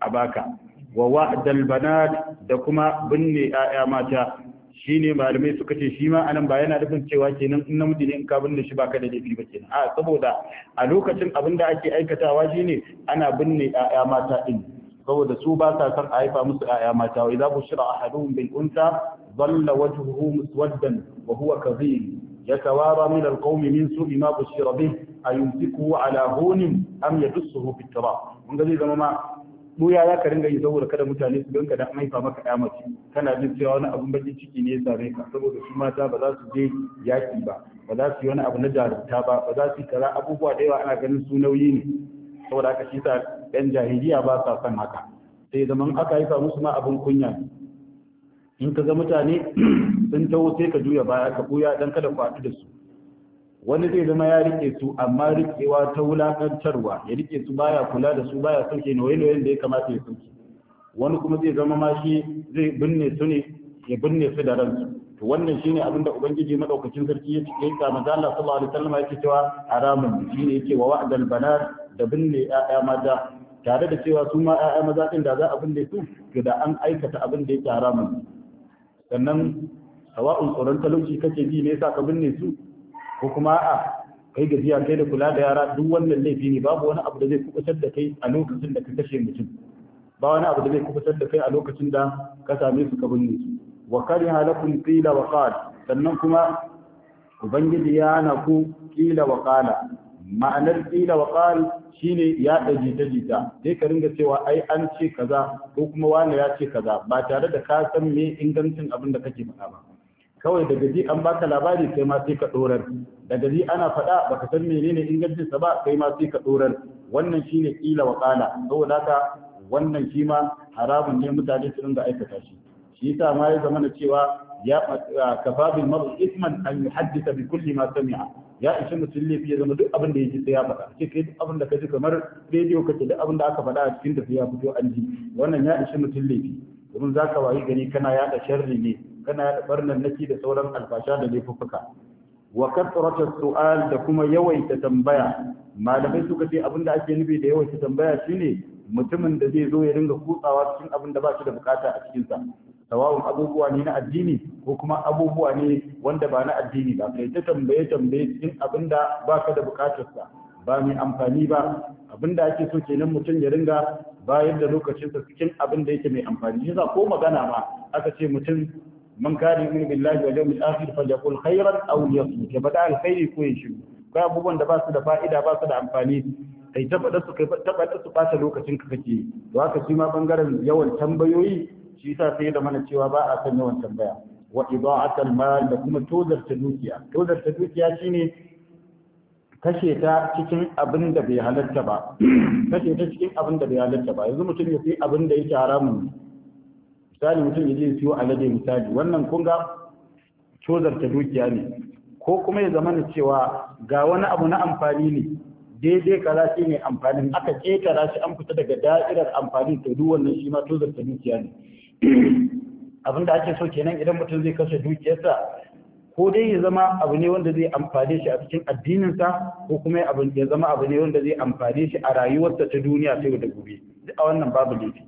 a baka wa wa'dal banat da kuma binne ƴaƴa mata shine malamai suka ce shi ma anan ba yana nufin cewa kenan in namiji ne in ka binne shi baka da laifi ba kenan a saboda a lokacin abin da ake aikatawa shine ana binne ƴaƴa mata din saboda su ba sa son a haifa musu ƴaƴa mata wa idza bushira ahaduhum bil unsa ضل وجهه مسودا وهو كظيم يتوارى من القوم من سوء ما بشر به أيمسكه على هون أم يدسه في التراب من قال إذا ما buya za ka ringa yi saboda kada mutane su ganka da maifa maka ya mace kana jin cewa wani abun bakin ciki ne ya same ka saboda su mata ba za su je yaki ba ba za su yi wani abu na jarumta ba ba za su yi kaza abubuwa da yawa ana ganin su nauyi ne saboda haka shi sa yan jahiliya ba sa son haka sai zaman aka yi musu ma abun kunya in ka ga mutane sun taho sai ka juya baya ka buya dan kada ku da su wani zai zama ya rike su amma rikewa ta wulakantarwa ya rike su baya kula da su baya sauke ne wayoyin da ya kamata ya sauke wani kuma zai zama ma shi zai binne su ne ya binne su da ransu to wannan shine abin da ubangiji madaukakin sarki ya cike ka manzo Allah sallallahu alaihi wasallam yake cewa haramun shine yake wa wa'dal banar da binne ƴaƴa maza tare da cewa su ma ƴaƴa maza din da za a binne su to da an aikata abin da yake haramun sannan sawa'un tsoron talauci kake ji ne yasa ka binne su ko kuma a kai gajiya kai da kula da yara duk wannan laifi ne babu wani abu da zai kubutar da kai a lokacin da ka kashe mutum ba wani abu da zai kubutar da kai a lokacin da ka same su ka binne su wa kariha lakum qila wa qala sannan kuma ubangiji ya hana ku qila wa qala ma'anar ƙila wa ƙal shine ya jita jita sai ka ringa cewa ai an ce kaza ko kuma wani ya ce kaza ba tare da ka san me ingancin abin da kake faɗa ba kawai daga ji an baka labari kai ma sai ka ɗorar daga ji ana faɗa baka san menene ingancin sa ba kai ma sai ka ɗorar wannan shine ƙila wa ƙala saboda haka wannan shi ma haramun ne mutane su ringa aikata shi shi yasa ma ya zama cewa ya kafa bil mar'i isman an yuhaddisa bi kulli ma ya ishi mutum laifi ya zama duk abin da ya ji sai ya faɗa ce kai duk abin da ka ji kamar rediyo kake duk abin da aka faɗa a cikin tafiya fito an ji wannan ya ishi mutum laifi domin za ka wayi gani kana yaɗa sharri ne kana yaɗa barnan naki da sauran alfasha da laifuffuka wa kasrata su'al da kuma yawaita tambaya malamai suka ce abin da ake nufi da yawaita tambaya shine mutumin da zai zo ya ringa kutsawa cikin abin da ba shi da bukata a cikinsa sawa'un abubuwa ne na addini ko kuma abubuwa ne wanda ba na addini ba kai ta tambaye tambaye cikin abin da baka da bukatarsa ba mai amfani ba abin da ake so kenan mutum ya ringa bayar da lokacinsa cikin abin da yake mai amfani yasa ko magana ma aka ce mutum man kare yu'minu billahi wal yawmil akhir falyaqul khairan aw liyasmut ya bada alkhairi ko ya shiru kai abubuwan da ba su da fa'ida ba su da amfani kai ta su kai ta faɗa su ɓata lokacin ka kake to haka shi ma bangaren yawan tambayoyi shi yasa sai da mana cewa ba a san yawan tambaya wa ida'atul mal da kuma tozarta dukiya tozarta dukiya shine kashe ta cikin abin da bai halatta ba kashe ta cikin abin da bai halatta ba yanzu mutum ya sai abin da yake haramun misali mutum ya je ya siyo alade misali wannan kun ga tozarta dukiya ne ko kuma ya zama cewa ga wani abu na amfani ne daidai kaza shi ne amfanin aka ketara shi an fita daga da'irar amfanin to duk wannan shi ma tozarta dukiya ne abinda ake so kenan idan mutum zai kashe dukiyarsa ko dai ya zama abu ne wanda zai amfane shi a cikin addininsa ko kuma ya zama abu ne wanda zai amfane shi a rayuwarsa ta duniya sai da gobe duk a wannan babu laifi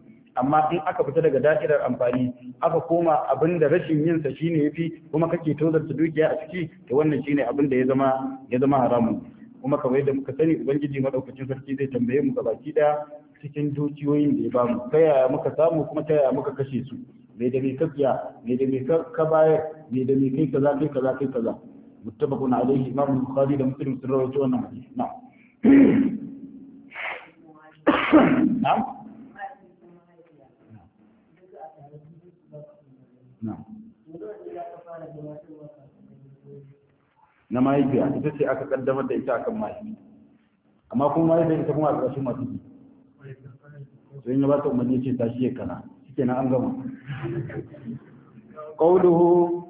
amma in aka fita daga da'irar amfani aka koma abin da rashin yin sa shine yafi kuma kake tozarta dukiya a ciki to wannan shine abin da ya zama ya zama haramun kuma kamar yadda muka sani ubangiji madaukakin sarki zai tambaye mu gabaki daya cikin dukiyoyin da ya ba mu ta yaya muka samu kuma ta yaya muka kashe su me da mai ka biya me da mai ka bayar me da mai kai kaza kai kaza kai kaza muttafaqun alaihi imam bukhari da muslim sun rawaito wannan hadisi na na na'am na mahaifiya ita ce aka kaddamar da ita akan mahaifi amma kuma mahaifiya ita kuma a ƙarshen masu sai ya ba ta umarni ce tashi ya kana shike na an gama qauluhu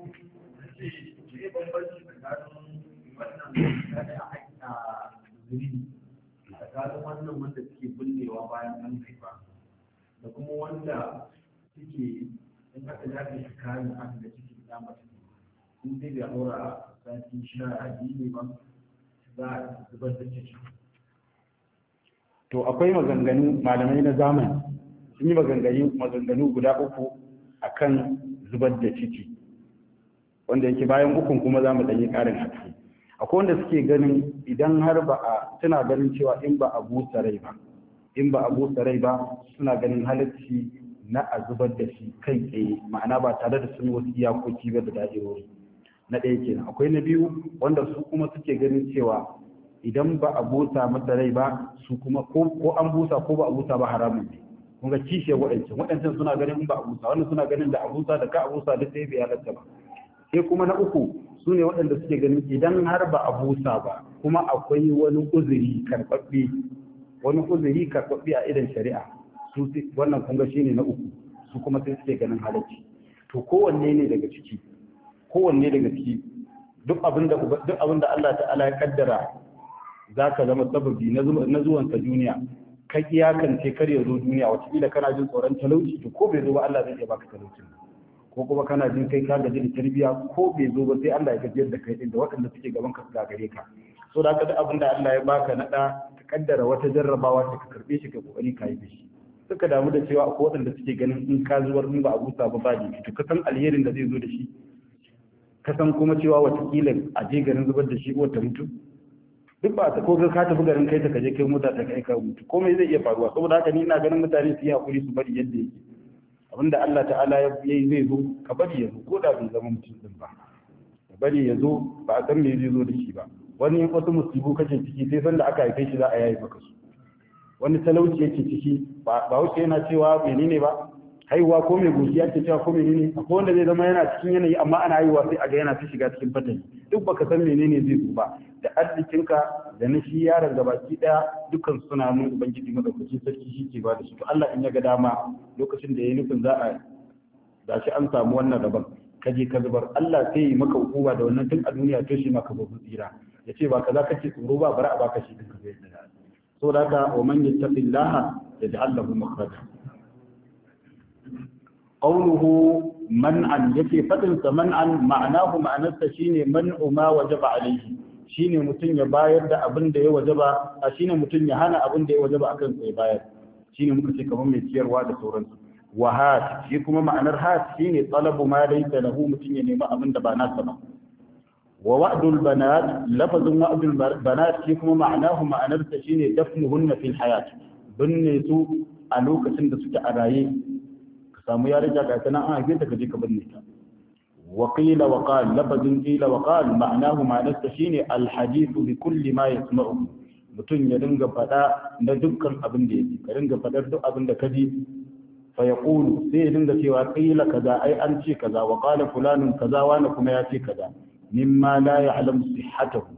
tsakanin wannan wanda suke bullewa bayan an haifa da kuma wanda suke in aka kayan aka da da sha ba to akwai maganganu malamai na zamani sun yi maganganu maganganu guda uku akan zubar da ciki wanda yake bayan ukun kuma za mu ɗanyi ƙarin haske akwai wanda suke ganin idan har ba a suna ganin cewa in ba a busa rai ba in ba a busa rai ba suna ganin halarci na a zubar da shi kai tsaye ma'ana ba tare da sun wasu iyakoki ba da da'irori na ɗaya kenan akwai na biyu wanda su kuma suke ganin cewa idan ba a busa masa rai ba su kuma ko an busa ko ba a busa ba haramun ne kun ga kishe waɗancan waɗancan suna ganin ba a busa wannan suna ganin da a busa da ka a busa duk sai bai halatta ba sai kuma na uku su ne waɗanda suke ganin idan har ba a busa ba kuma akwai wani uzuri karɓaɓɓe wani uzuri karɓaɓɓe a idan shari'a su wannan kun ga shine na uku su kuma sai suke ganin halacci to kowanne ne daga ciki kowanne daga ciki duk abinda duk abin da Allah ta'ala ya kaddara za ka zama sababi na zuwansa duniya ka iyakance kar ya zo duniya wataƙila kana jin tsoron talauci to ko bai zo ba Allah zai iya baka talaucin ko kuma kana jin kai ka gaji da tarbiyya ko bai zo ba sai Allah ya gajiyar da kai da waɗanda suke gaban ka gare ka so da ka da abin da Allah ya baka na ɗa ka kaddara wata jarrabawa ta ka karbe shi ka kokari ka yi shi suka damu da cewa akwai waɗanda suke ganin in ka zubar in ba a busa ba ba ne to ka san alherin da zai zo da shi ka san kuma cewa watakila a je garin zubar da shi ko ta mutu duk ba ko ka tafi garin kai ta kaje kai mota ta kai ka mutu komai zai iya faruwa saboda haka ni ina ganin mutane su yi hakuri su bari yadda yake abinda Allah ta'ala ya yi zai zo ka bari ya zo ko da bai zama mutum din ba ka bari ya zo ba a san me zai zo da shi ba wani wasu musibu kake ciki sai sanda aka haife shi za a yayi maka su wani talauci yake ciki ba wuce yana cewa menene ba haihuwa ko mai goshi ake cewa ko mai nene akwai wanda zai zama yana cikin yanayi amma ana haihuwa sai a ga yana ta shiga cikin fatani duk baka san menene zai zo ba da arzikinka da na shi yaron gabaki daya dukkan suna nan ubangiji madaukakin sarki shi ke ba da su to Allah in ya ga dama lokacin da ya nufin za a shi an samu wannan rabon ka je ka zubar Allah sai yi maka hukuma da wannan tun a duniya to shi maka babu tsira ya ce ba kaza kace tsoro ba bara a baka shi duka zai tsira saboda haka wa man yattaqillaha yaj'al lahu makhraja qawluhu man'an yake fadin sa man'an ma'anahu ma'anarsa shine man'u ma wajaba alaihi shine mutum ya bayar da abin da ya wajaba a shine mutum ya hana abin da ya wajaba akan sa ya bayar shine muka ce kamar mai siyarwa da sauransu wa hat shi kuma ma'anar hat shine talabu ma laysa lahu mutum ya nemi abin da ba nasa ba wa wa'dul banat shi kuma ma'anahu ma'anarsa fil hayat binne su a lokacin da suke a raye samu ya ga ta nan an haife ta kaje ka binne ta wa qila wa qal lafazin qila wa qal ma'anahu nasta shine al hadithu bi kulli ma yasma'u mutum ya dinga fada na dukkan abin da yake ka dinga faɗar duk abin da ka ji fa yaqulu sai dinga cewa qila kaza ai an ce kaza wa qala fulanun kaza wani kuma ya ce kaza mimma la ya'lam sihhatahu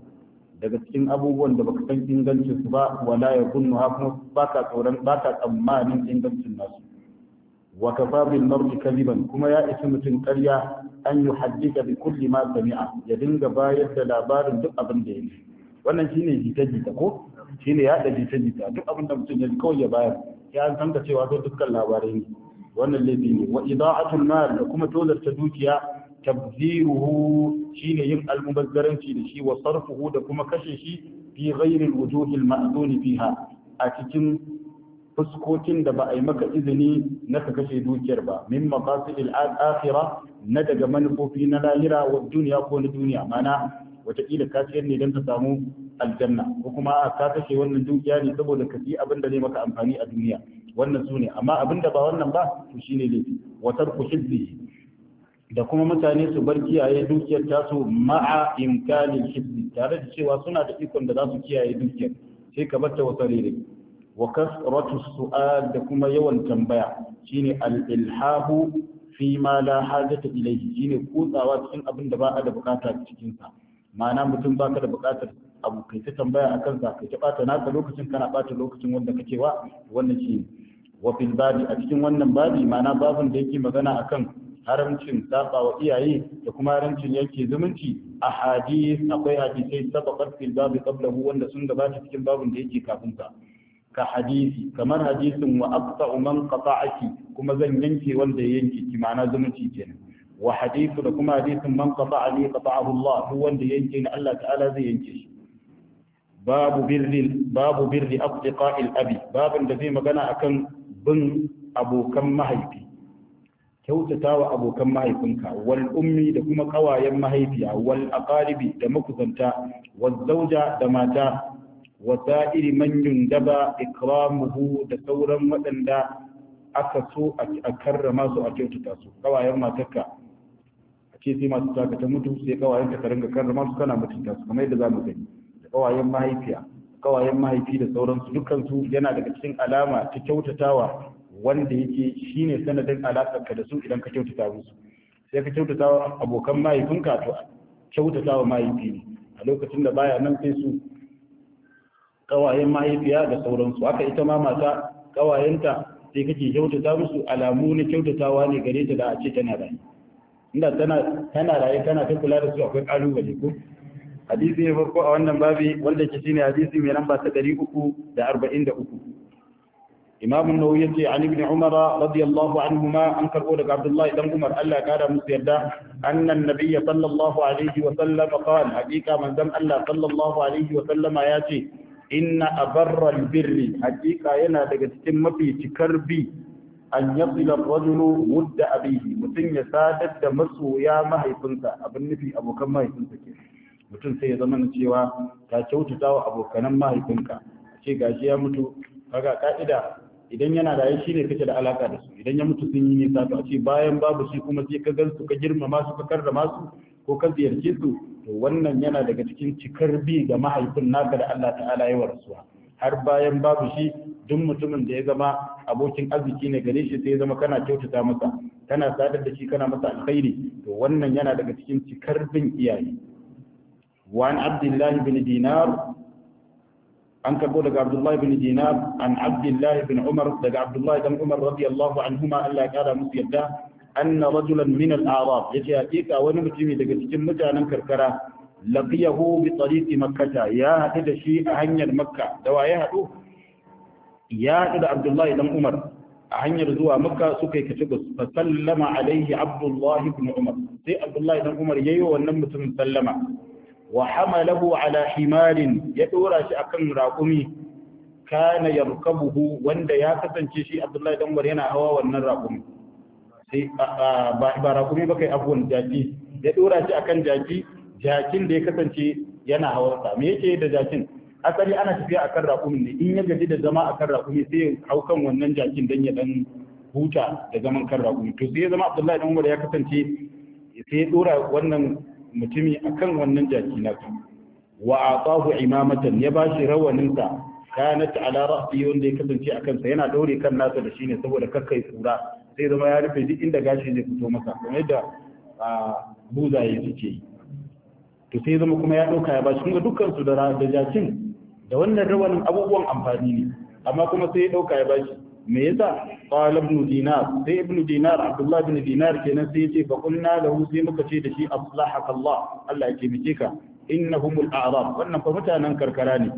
daga cikin abubuwan da baka san ingancin su ba wala ya kunnu ha kuma baka tsoron baka tsammanin ingancin nasu wa kafa bil mar'i kuma ya isa mutum ƙarya an yuhaddika bi kulli ma sami'a ya dinga bayar da labarin duk abin da ya ji wannan shine jita-jita ko shine yaɗa jita-jita duk abin da mutum ya ji kawai ya bayar ya an san cewa sai dukkan labarai ne wannan laifi ne wa ida'atul mal da kuma tozarta dukiya tabziruhu shine yin almubazzaranci da shi wa sarfuhu da kuma kashe shi fi ghairi alwujuhi alma'dun fiha a cikin fuskokin da ba a yi maka izini na ka kashe dukiyar ba min maqasidil akhira na daga manufofi na lahira wa duniya ko na duniya mana wataƙila ka ciyar ne don ka samu aljanna ko kuma a ka kashe wannan dukiya ne saboda ka yi abin da zai maka amfani a duniya wannan su ne amma abin da ba wannan ba to shi ne laifi wa tarku hizbi da kuma mutane su bar kiyaye dukiyar tasu ma'a imkanin hizbi tare da cewa suna da ikon da za su kiyaye dukiyar sai ka bar ta wata rere wa kasratu su'al da kuma yawan tambaya shine al-ilhahu fi ma la hajata ilayhi shine kutsawa cikin abin da ba a da bukata cikin sa ma'ana mutum baka da bukatar abu kai ta tambaya akan sa kai ta bata naka lokacin kana bata lokacin wanda kake wa wannan shi wa fil babi a cikin wannan babi ma'ana babun da yake magana akan haramcin sabawa iyaye da kuma haramcin yake zumunci a hadis akwai hadisai sabaqat fil babi qablahu wanda sun gabata cikin babun da yake kafin sa ka hadisi kamar hadisin wa aqta man qata'aki kuma zan yanke wanda ya yanke ki ma'ana zumunci kenan wa hadithu da kuma hadisin man qata'ani qata'ahu Allah duk wanda yanke ni Allah ta'ala zai yanke shi babu birri babu birri asdiqa'il abi babin da zai magana akan bin abokan mahaifi Kyautata wa abokan mahaifinka wal ummi da kuma kawayen mahaifiya wal aqaribi da makusanta wal zauja da mata wasa'iri man yundaba ikramuhu da sauran waɗanda aka so a karrama su a kyautata su kawayen matarka a ce sai masu taka ta mutu sai kawayen ka ringa karrama su kana mutunta su kuma yadda zamu gani da kawayen mahaifiya kawayen mahaifi da sauransu dukkan su yana daga cikin alama ta kyautatawa wanda yake shine sanadin ka da su idan ka kyautata musu sai ka kyautata abokan mahaifinka to kyautata mahaifi ne a lokacin da baya nan sai su kawayen mahaifiya da sauransu aka ita ma mata kawayenta sai kake kyautata musu alamu na kyautatawa ne gare ta da a ce tana raye inda tana tana raye tana ta kula da su akwai kalubale ko hadisi ne farko a wannan babi wanda ke shine hadisi mai namba ta 343 imamu nawawi yace an ibn umara radiyallahu anhuma an karbo daga abdullahi dan umar Allah ya kara musu yarda annan nabiyya sallallahu alaihi wa sallam qala haqiqa manzon Allah sallallahu alaihi wa sallama yace inna abarral birni hakika yana daga cikin mafi cikar bi an yasila rajulu mudda abihi mutum ya sadar da masoya mahaifinsa abin nufi abokan mahaifinsa ke mutum sai ya zama cewa ka kyautata wa abokanan mahaifinka a ce gashi ya mutu kaga ka'ida idan yana da shi ne kake da alaka da su idan ya mutu sun yi nisa to a ce bayan babu shi kuma sai ka gansu ka girmama su ka karrama su ko ka ziyarce su to wannan yana daga cikin cikar bi ga mahaifin naka da Allah ta'ala ya warsuwa har bayan babu shi duk mutumin da ya zama abokin arziki ne gare shi sai ya zama kana kyautata masa kana sadar da shi kana masa alkhairi to wannan yana daga cikin cikar bin iyaye وعن عبد الله بن دينار أن تقول عبد الله بن دينار عن عبد الله بن عمر عبد الله بن anhuma, Allah ya عنهما ألا كان anna rajulan min al-a'rab yace hakika wani mutumi daga cikin mutanen karkara laqiyahu bi tariqi makkah ya hadu da shi a hanyar makka da waye hadu ya hadu da abdullahi dan umar a hanyar zuwa makka suka yi kace fa sallama alaihi abdullahi ibn umar sai abdullahi dan umar yayi wannan mutumin sallama wa hamalahu ala himalin ya dora shi akan raƙumi kana yarkabuhu wanda ya kasance shi abdullahi dan umar yana hawa wannan raƙumi Eh, ba rakumi ba kai abuwan jaki ya dora shi akan jaki jakin da ya kasance yana hawarsa me yake da jakin asali ana tafiya akan rakumin ne in ya gaji da zama akan rakumi sai ya hau wannan jakin dan ya dan huta da zaman kan rakumi to sai ya zama Abdullahi dan Umar ya kasance sai ya dora wannan mutumi akan wannan jaki na wa atahu imamatan ya bashi rawaninsa kanat ala ra'si wanda ya kasance akan sa yana daure kan nasa da shine saboda kakkai sura. sai zama ya rufe duk inda gashi zai fito masa kamar yadda buzaye suke yi to sai zama kuma ya ɗauka ya ba shi kuma dukkan su da jakin da wannan rawanin abubuwan amfani ne amma kuma sai ya ɗauka ya ba shi me yasa qala ibn dinar sai ibn dinar abdullah ibn dinar kenan sai yace fa qulna lahu sai muka ce da shi aslahaka allah allah ya taimake ka innahum al-a'rab wannan fa mutanen karkara ne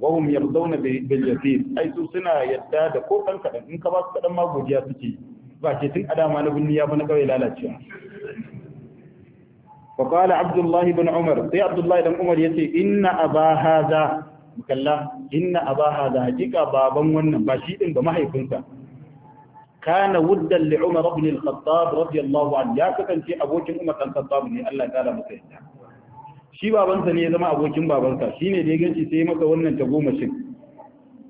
wa hum yardawna bil yasir ai su suna yadda da ko kan in ka ba su kadan ma godiya suke ba ce tun adama na binni ya fi na kawai lalacewa فقال عبد الله بن عمر سي عبد الله بن عمر يتي إن أبا هذا مكلا إن أبا هذا حقيقة بابا ون باشيد بما هيكونك كان ودا لعمر بن الخطاب رضي الله ya يا abokin umar أبوكين عمر بن الخطاب ني الله تعالى مسيحنا shi babansa ne ya zama abokin babansa shine da ya ganci sai maka wannan tagomashin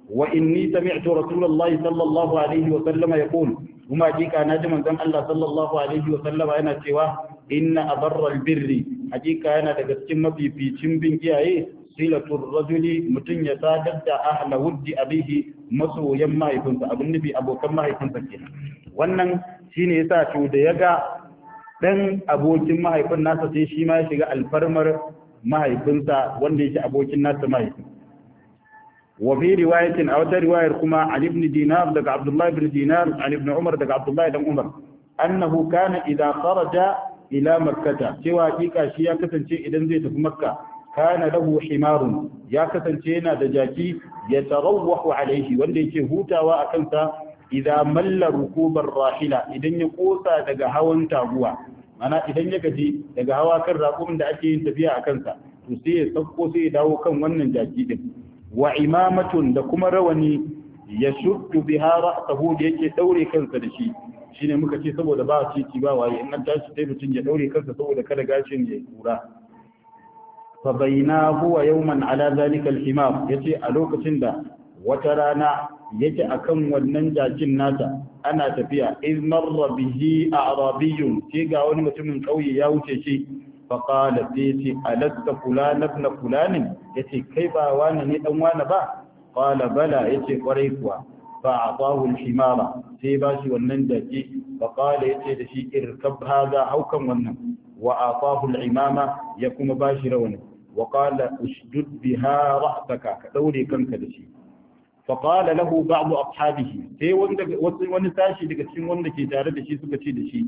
wa inni sami'tu rasulullahi sallallahu alaihi wa sallama yaqul kuma hakika na ji manzon Allah sallallahu alaihi wa sallama yana cewa inna abarral birri hakika yana daga cikin mafificin bin iyaye silatul rajuli mutum ya sadar da ahla wuddi abihi masoyan mahaifinsa abin nufi abokan mahaifinsa kenan wannan shine yasa to da ya ga dan abokin mahaifin nasa sai shi ma ya shiga alfarmar mahaifinsa wanda yake abokin nasa mahaifin وفي رواية أو رواية كما عن ابن دينار دك عبد الله بن دينار عن ابن عمر دك عبد الله بن عمر أنه كان إذا خرج إلى مكة سوى كيكا شيا كتنشي إذن زيت في مكة كان له حمار يا كتنشينا دجاكي يتروح عليه والذي هوتا وأكنت إذا مل ركوب الراحلة إذن يقوسا دك هوا تابوا أنا إذن يكتي دك هوا كر راقوم دعكي انتبيع أكنت to sai ya sauko sai ya dawo kan wannan jaki din wa imamatun da kuma rawani ya shuddu biha ra'sahu da yake daure kansa da shi shine muka ce saboda ba cici ba waye in an tashi sai mutum ya daure kansa saboda kada gashin ya kura fa baina huwa yawman ala zalika al-himar yace a lokacin da wata rana yake akan wannan jakin nata ana tafiya iz marra bihi a'rabiyyun sai ga wani mutumin kauye ya wuce shi faƙala sai ce alasta kula na kula ne? ya ce kai ba wani ne ɗan wani ba ƙala bala ya ce ƙwarai kuwa ba a ƙwahul shimara sai ba shi wannan daji faƙala ya ce da shi irkab haza haukan wannan wa a ƙwahul imama ya kuma ba shi rauni waƙala ushdud biha ra'saka ka ɗaure kanka da shi faƙala lahu ba'du ashabihi sai wani sashi daga cikin wanda ke tare da shi suka ce da shi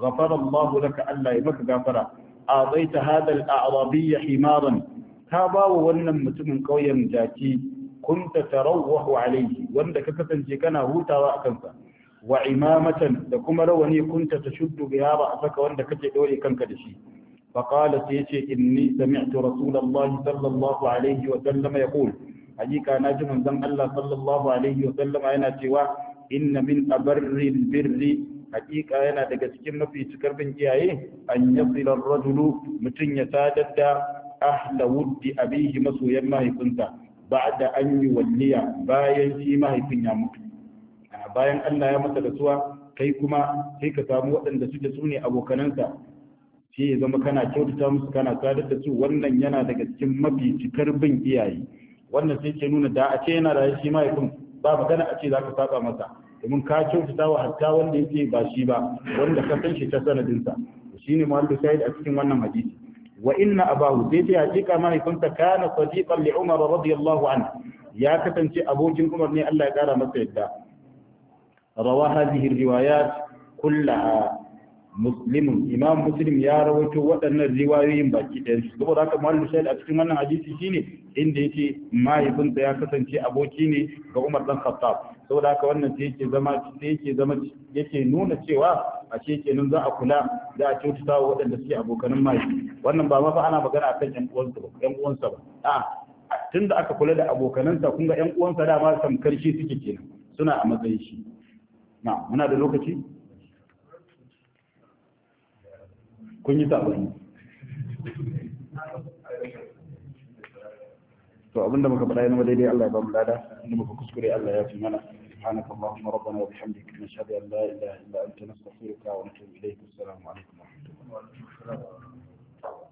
ghafara Allah laka Allah ya maka gafara aɗaita hadal a'rabiyya himaran ka ba wa wannan mutumin ƙauyen jaki kunta tarawwahu alayhi wanda ka kasance kana hutawa akan sa wa imamatan da kuma rawani kunta tashuddu biha ba saka wanda kake dore kanka da shi fa qala sai yace inni sami'tu rasulullahi sallallahu alayhi wa sallam yaqul hakika na ji manzon Allah sallallahu alayhi wa sallam yana cewa inna min abarril birri hakika yana daga cikin mafi cikar bin iyaye an yasila rajulu mutum ya sadar da ahla wuddi abihi masoyan mahaifinsa da an yi walliya bayan shi mahaifin ya mutu bayan Allah ya masa rasuwa kai kuma sai ka samu waɗanda suke su ne abokanansa shi ya zama kana kyautata musu kana sadar da su wannan yana daga cikin mafi cikar bin iyaye wannan sai ke nuna da a ce yana da shi mahaifin ba magana a ce za ka saba masa domin ka kyautata wa hatta wanda yake ba shi ba wanda ka san shi ta sanadinsa shine muhammadu sa'id a cikin wannan hadisi wa inna abahu sai ta hakika mahaifinsa kana sadiqan li umar radiyallahu anhu ya kasance abokin umar ne Allah ya kara masa yadda rawa hadhihi riwayat kullaha muslimun imam muslim ya rawaito waɗannan riwayoyin baki ɗaya su saboda haka malu shahid a cikin wannan hadisi shine inda yake mahaifinsa ya kasance aboki ne ga Umar dan Khattab saboda haka wannan sai yake zama sai yake zama yake nuna cewa a ce kenan za a kula za a kyautata wa waɗanda suke abokanin mahaifi wannan ba ma fa ana magana akan ƴan uwansa ba ƴan uwansa ba a tunda aka kula da abokanansa kun ga ƴan uwansa dama tamkar shi suke kenan suna a matsayin shi na muna da lokaci kun yi taɓa ne to abinda muka faɗa yana daidai Allah ya ba mu lada inda muka kuskure Allah ya fi mana subhanak allahumma rabbana wa bihamdik nashhadu an la ilaha illa anta nastaghfiruka wa natubu ilayk assalamu alaikum wa rahmatullahi wa barakatuh